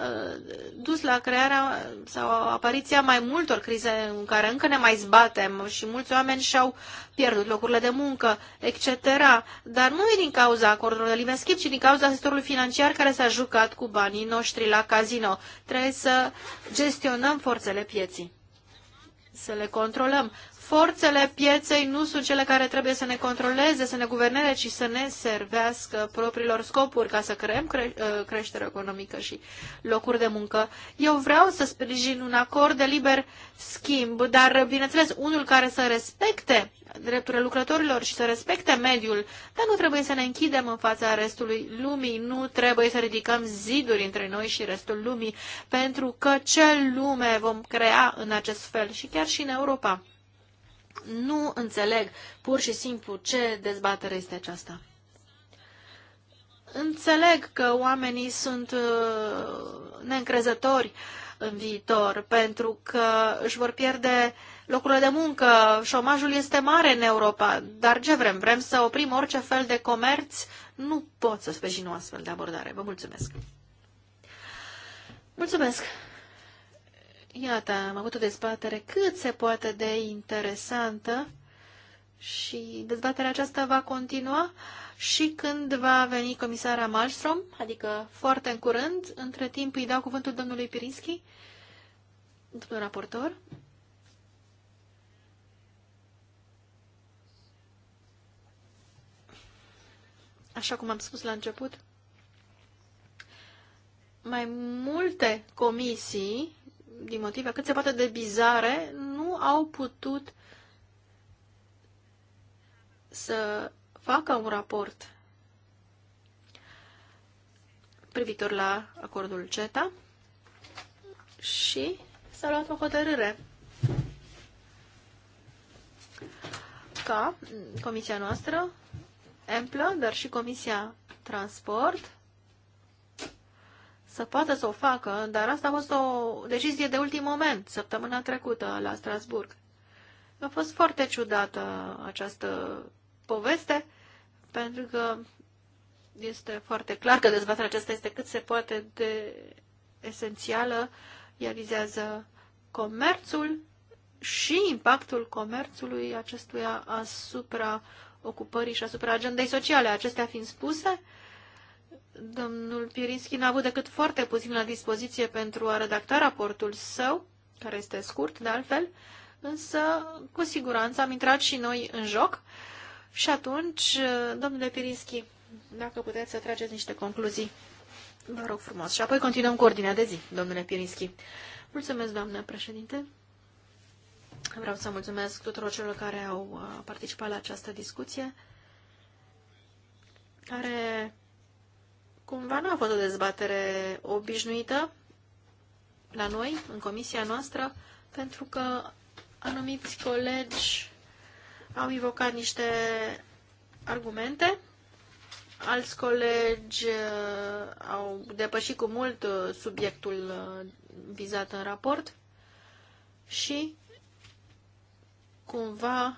Speaker 1: dus la crearea sau apariția mai multor crize în care încă ne mai zbatem și mulți oameni și-au pierdut locurile de muncă, etc. Dar nu e din cauza acordurilor de liber schimb, ci din cauza sectorului financiar care s-a jucat cu banii noștri la casino. Trebuie să gestionăm forțele pieții, să le controlăm forțele pieței nu sunt cele care trebuie să ne controleze, să ne guverneze, ci să ne servească propriilor scopuri ca să creăm cre- uh, creștere economică și locuri de muncă. Eu vreau să sprijin un acord de liber schimb, dar, bineînțeles, unul care să respecte drepturile lucrătorilor și să respecte mediul, dar nu trebuie să ne închidem în fața restului lumii, nu trebuie să ridicăm ziduri între noi și restul lumii, pentru că ce lume vom crea în acest fel și chiar și în Europa. Nu înțeleg pur și simplu ce dezbatere este aceasta. Înțeleg că oamenii sunt uh, neîncrezători în viitor, pentru că își vor pierde locurile de muncă. Șomajul este mare în Europa, dar ce vrem? Vrem să oprim orice fel de comerț? Nu pot să sprijin o astfel de abordare. Vă mulțumesc! Mulțumesc! Iată, am avut o dezbatere cât se poate de interesantă și dezbaterea aceasta va continua și când va veni comisara Malmström, adică foarte în curând. Între timp îi dau cuvântul domnului Pirinski, domnul raportor. Așa cum am spus la început, mai multe comisii din motive cât se poate de bizare, nu au putut să facă un raport privitor la acordul CETA și s-a luat o hotărâre ca comisia noastră, EMPLă, dar și comisia Transport, să poată să o facă, dar asta a fost o decizie de ultim moment, săptămâna trecută la Strasburg. A fost foarte ciudată această poveste, pentru că este foarte clar că dezbaterea aceasta este cât se poate de esențială. Ea vizează comerțul și impactul comerțului acestuia asupra ocupării și asupra agendei sociale. Acestea fiind spuse, Domnul Pierinski n-a avut decât foarte puțin la dispoziție pentru a redacta raportul său, care este scurt de altfel, însă cu siguranță am intrat și noi în joc. Și atunci, domnule Pirinski, dacă puteți să trageți niște concluzii, vă rog frumos. Și apoi continuăm cu ordinea de zi, domnule Pirinski. Mulțumesc, doamnă președinte. Vreau să mulțumesc tuturor celor care au uh, participat la această discuție, care Cumva nu a fost o dezbatere obișnuită la noi, în comisia noastră, pentru că anumiți colegi au invocat niște argumente, alți colegi uh, au depășit cu mult uh, subiectul uh, vizat în raport și cumva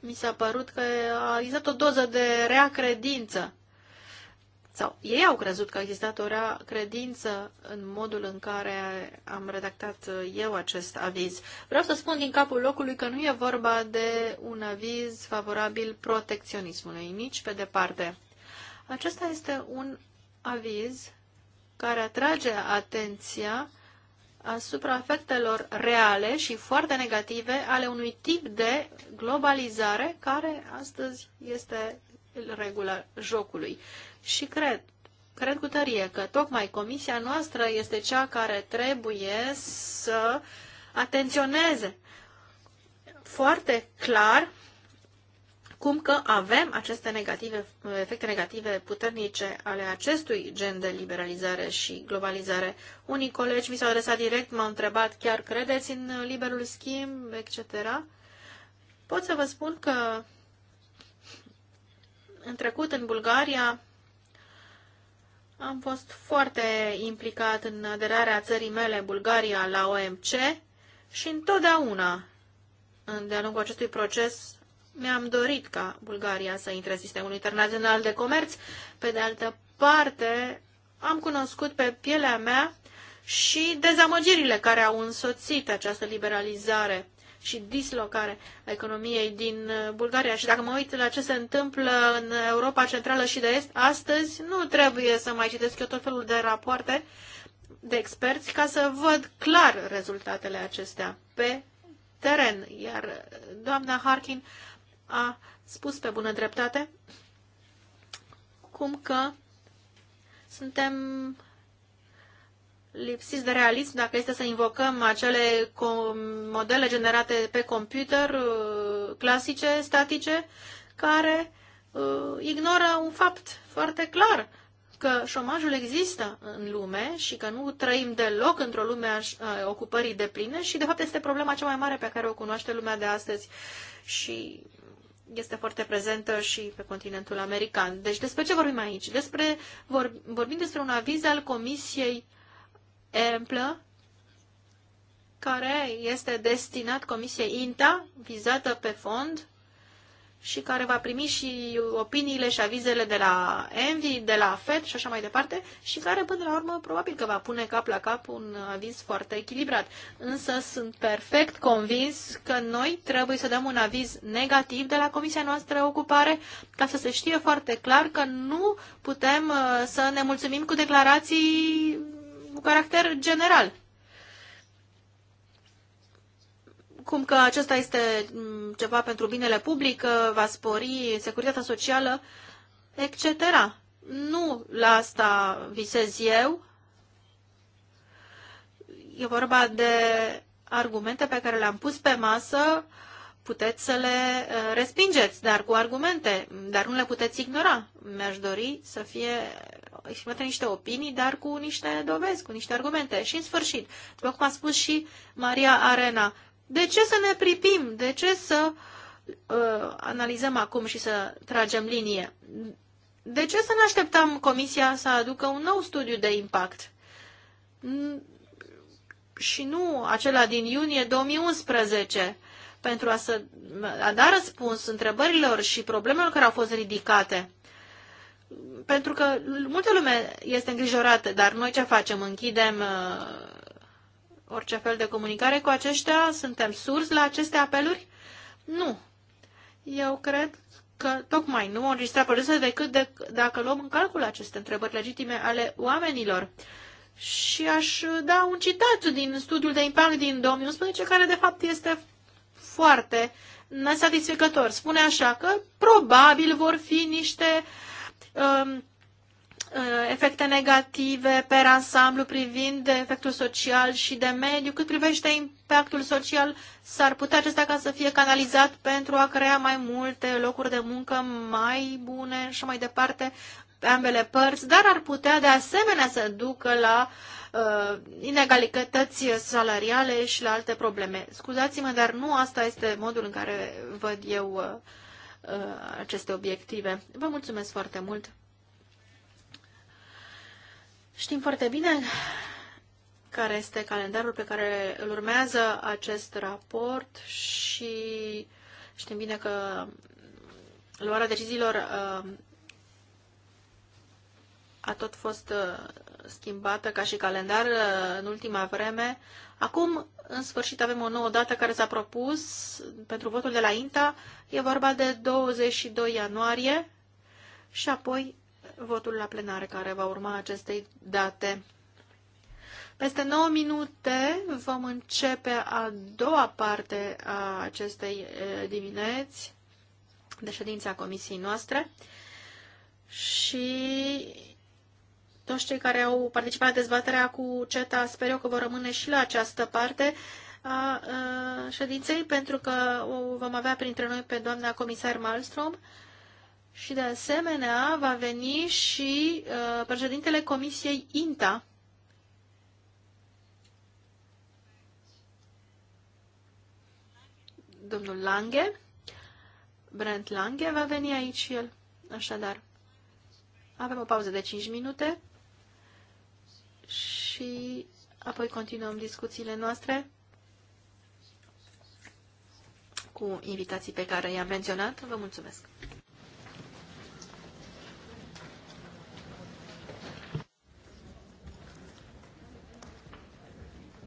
Speaker 1: mi s-a părut că a existat o doză de rea credință sau ei au crezut că a existat o credință în modul în care am redactat uh, eu acest aviz. Vreau să spun din capul locului că nu e vorba de un aviz favorabil protecționismului, nici pe departe. Acesta este un aviz care atrage atenția asupra efectelor reale și foarte negative ale unui tip de globalizare care astăzi este regulă jocului. Și cred, cred cu tărie că tocmai comisia noastră este cea care trebuie să atenționeze foarte clar cum că avem aceste negative, efecte negative puternice ale acestui gen de liberalizare și globalizare. Unii colegi mi s-au adresat direct, m-au întrebat, chiar credeți în liberul schimb, etc. Pot să vă spun că în trecut, în Bulgaria, am fost foarte implicat în aderarea țării mele, Bulgaria, la OMC și întotdeauna, de-a lungul acestui proces, mi-am dorit ca Bulgaria să intre în sistemul internațional de comerț. Pe de altă parte, am cunoscut pe pielea mea și dezamăgirile care au însoțit această liberalizare și dislocare a economiei din uh, Bulgaria. Și dacă mă uit la ce se întâmplă în Europa Centrală și de Est, astăzi nu trebuie să mai citesc eu tot felul de rapoarte de experți ca să văd clar rezultatele acestea pe teren. Iar doamna Harkin a spus pe bună dreptate cum că suntem lipsiți de realism dacă este să invocăm acele modele generate pe computer, uh, clasice, statice, care uh, ignoră un fapt foarte clar, că șomajul există în lume și că nu trăim deloc într-o lume a ocupării de pline și, de fapt, este problema cea mai mare pe care o cunoaște lumea de astăzi și este foarte prezentă și pe continentul american. Deci despre ce vorbim aici? Despre, vor, vorbim despre un aviz al Comisiei amplă care este destinat Comisiei INTA, vizată pe fond și care va primi și opiniile și avizele de la Envi, de la FED și așa mai departe și care până la urmă probabil că va pune cap la cap un aviz foarte echilibrat. Însă sunt perfect convins că noi trebuie să dăm un aviz negativ de la Comisia noastră Ocupare ca să se știe foarte clar că nu putem uh, să ne mulțumim cu declarații caracter general. Cum că acesta este mm, ceva pentru binele public, va spori securitatea socială, etc. Nu la asta visez eu. E vorba de argumente pe care le-am pus pe masă, puteți să le respingeți, dar cu argumente, dar nu le puteți ignora. Mi-aș dori să fie exprimate niște opinii, dar cu niște dovezi, cu niște argumente. Și în sfârșit, după cum a spus și Maria Arena, de ce să ne pripim? De ce să uh, analizăm acum și să tragem linie? De ce să ne așteptăm comisia să aducă un nou studiu de impact? Și nu acela din iunie 2011, pentru a, să, a da răspuns întrebărilor și problemelor care au fost ridicate pentru că multă lume este îngrijorată, dar noi ce facem? Închidem uh, orice fel de comunicare cu aceștia? Suntem surzi la aceste apeluri? Nu. Eu cred că tocmai nu înregistra produse decât de, dacă luăm în calcul aceste întrebări legitime ale oamenilor. Și aș da un citat din studiul de impact din 2011, care de fapt este foarte nesatisfăcător. Spune așa că probabil vor fi niște uh, Um, uh, efecte negative pe ansamblu privind efectul social și de mediu. Cât privește impactul social, s-ar putea acesta ca să fie canalizat pentru a crea mai multe locuri de muncă mai bune și mai departe pe ambele părți, dar ar putea de asemenea să ducă la uh, inegalități salariale și la alte probleme. Scuzați-mă, dar nu asta este modul în care văd eu uh, Uh, aceste obiective. Vă mulțumesc foarte mult! Știm foarte bine care este calendarul pe care îl urmează acest raport și știm bine că luarea deciziilor uh, a tot fost uh, schimbată ca și calendar în ultima vreme. Acum în sfârșit avem o nouă dată care s-a propus pentru votul de la INTA. E vorba de 22 ianuarie și apoi votul la plenare care va urma acestei date. Peste 9 minute vom începe a doua parte a acestei dimineți de ședința comisiei noastre și toți cei care au participat la dezbaterea cu CETA sper eu că vor rămâne și la această parte a ședinței, pentru că o vom avea printre noi pe doamna comisar Malmström și de asemenea va veni și președintele Comisiei INTA. Domnul Lange, Brent Lange va veni aici el. Așadar, avem o pauză de 5 minute și apoi continuăm discuțiile noastre cu invitații pe care i-am menționat. Vă mulțumesc!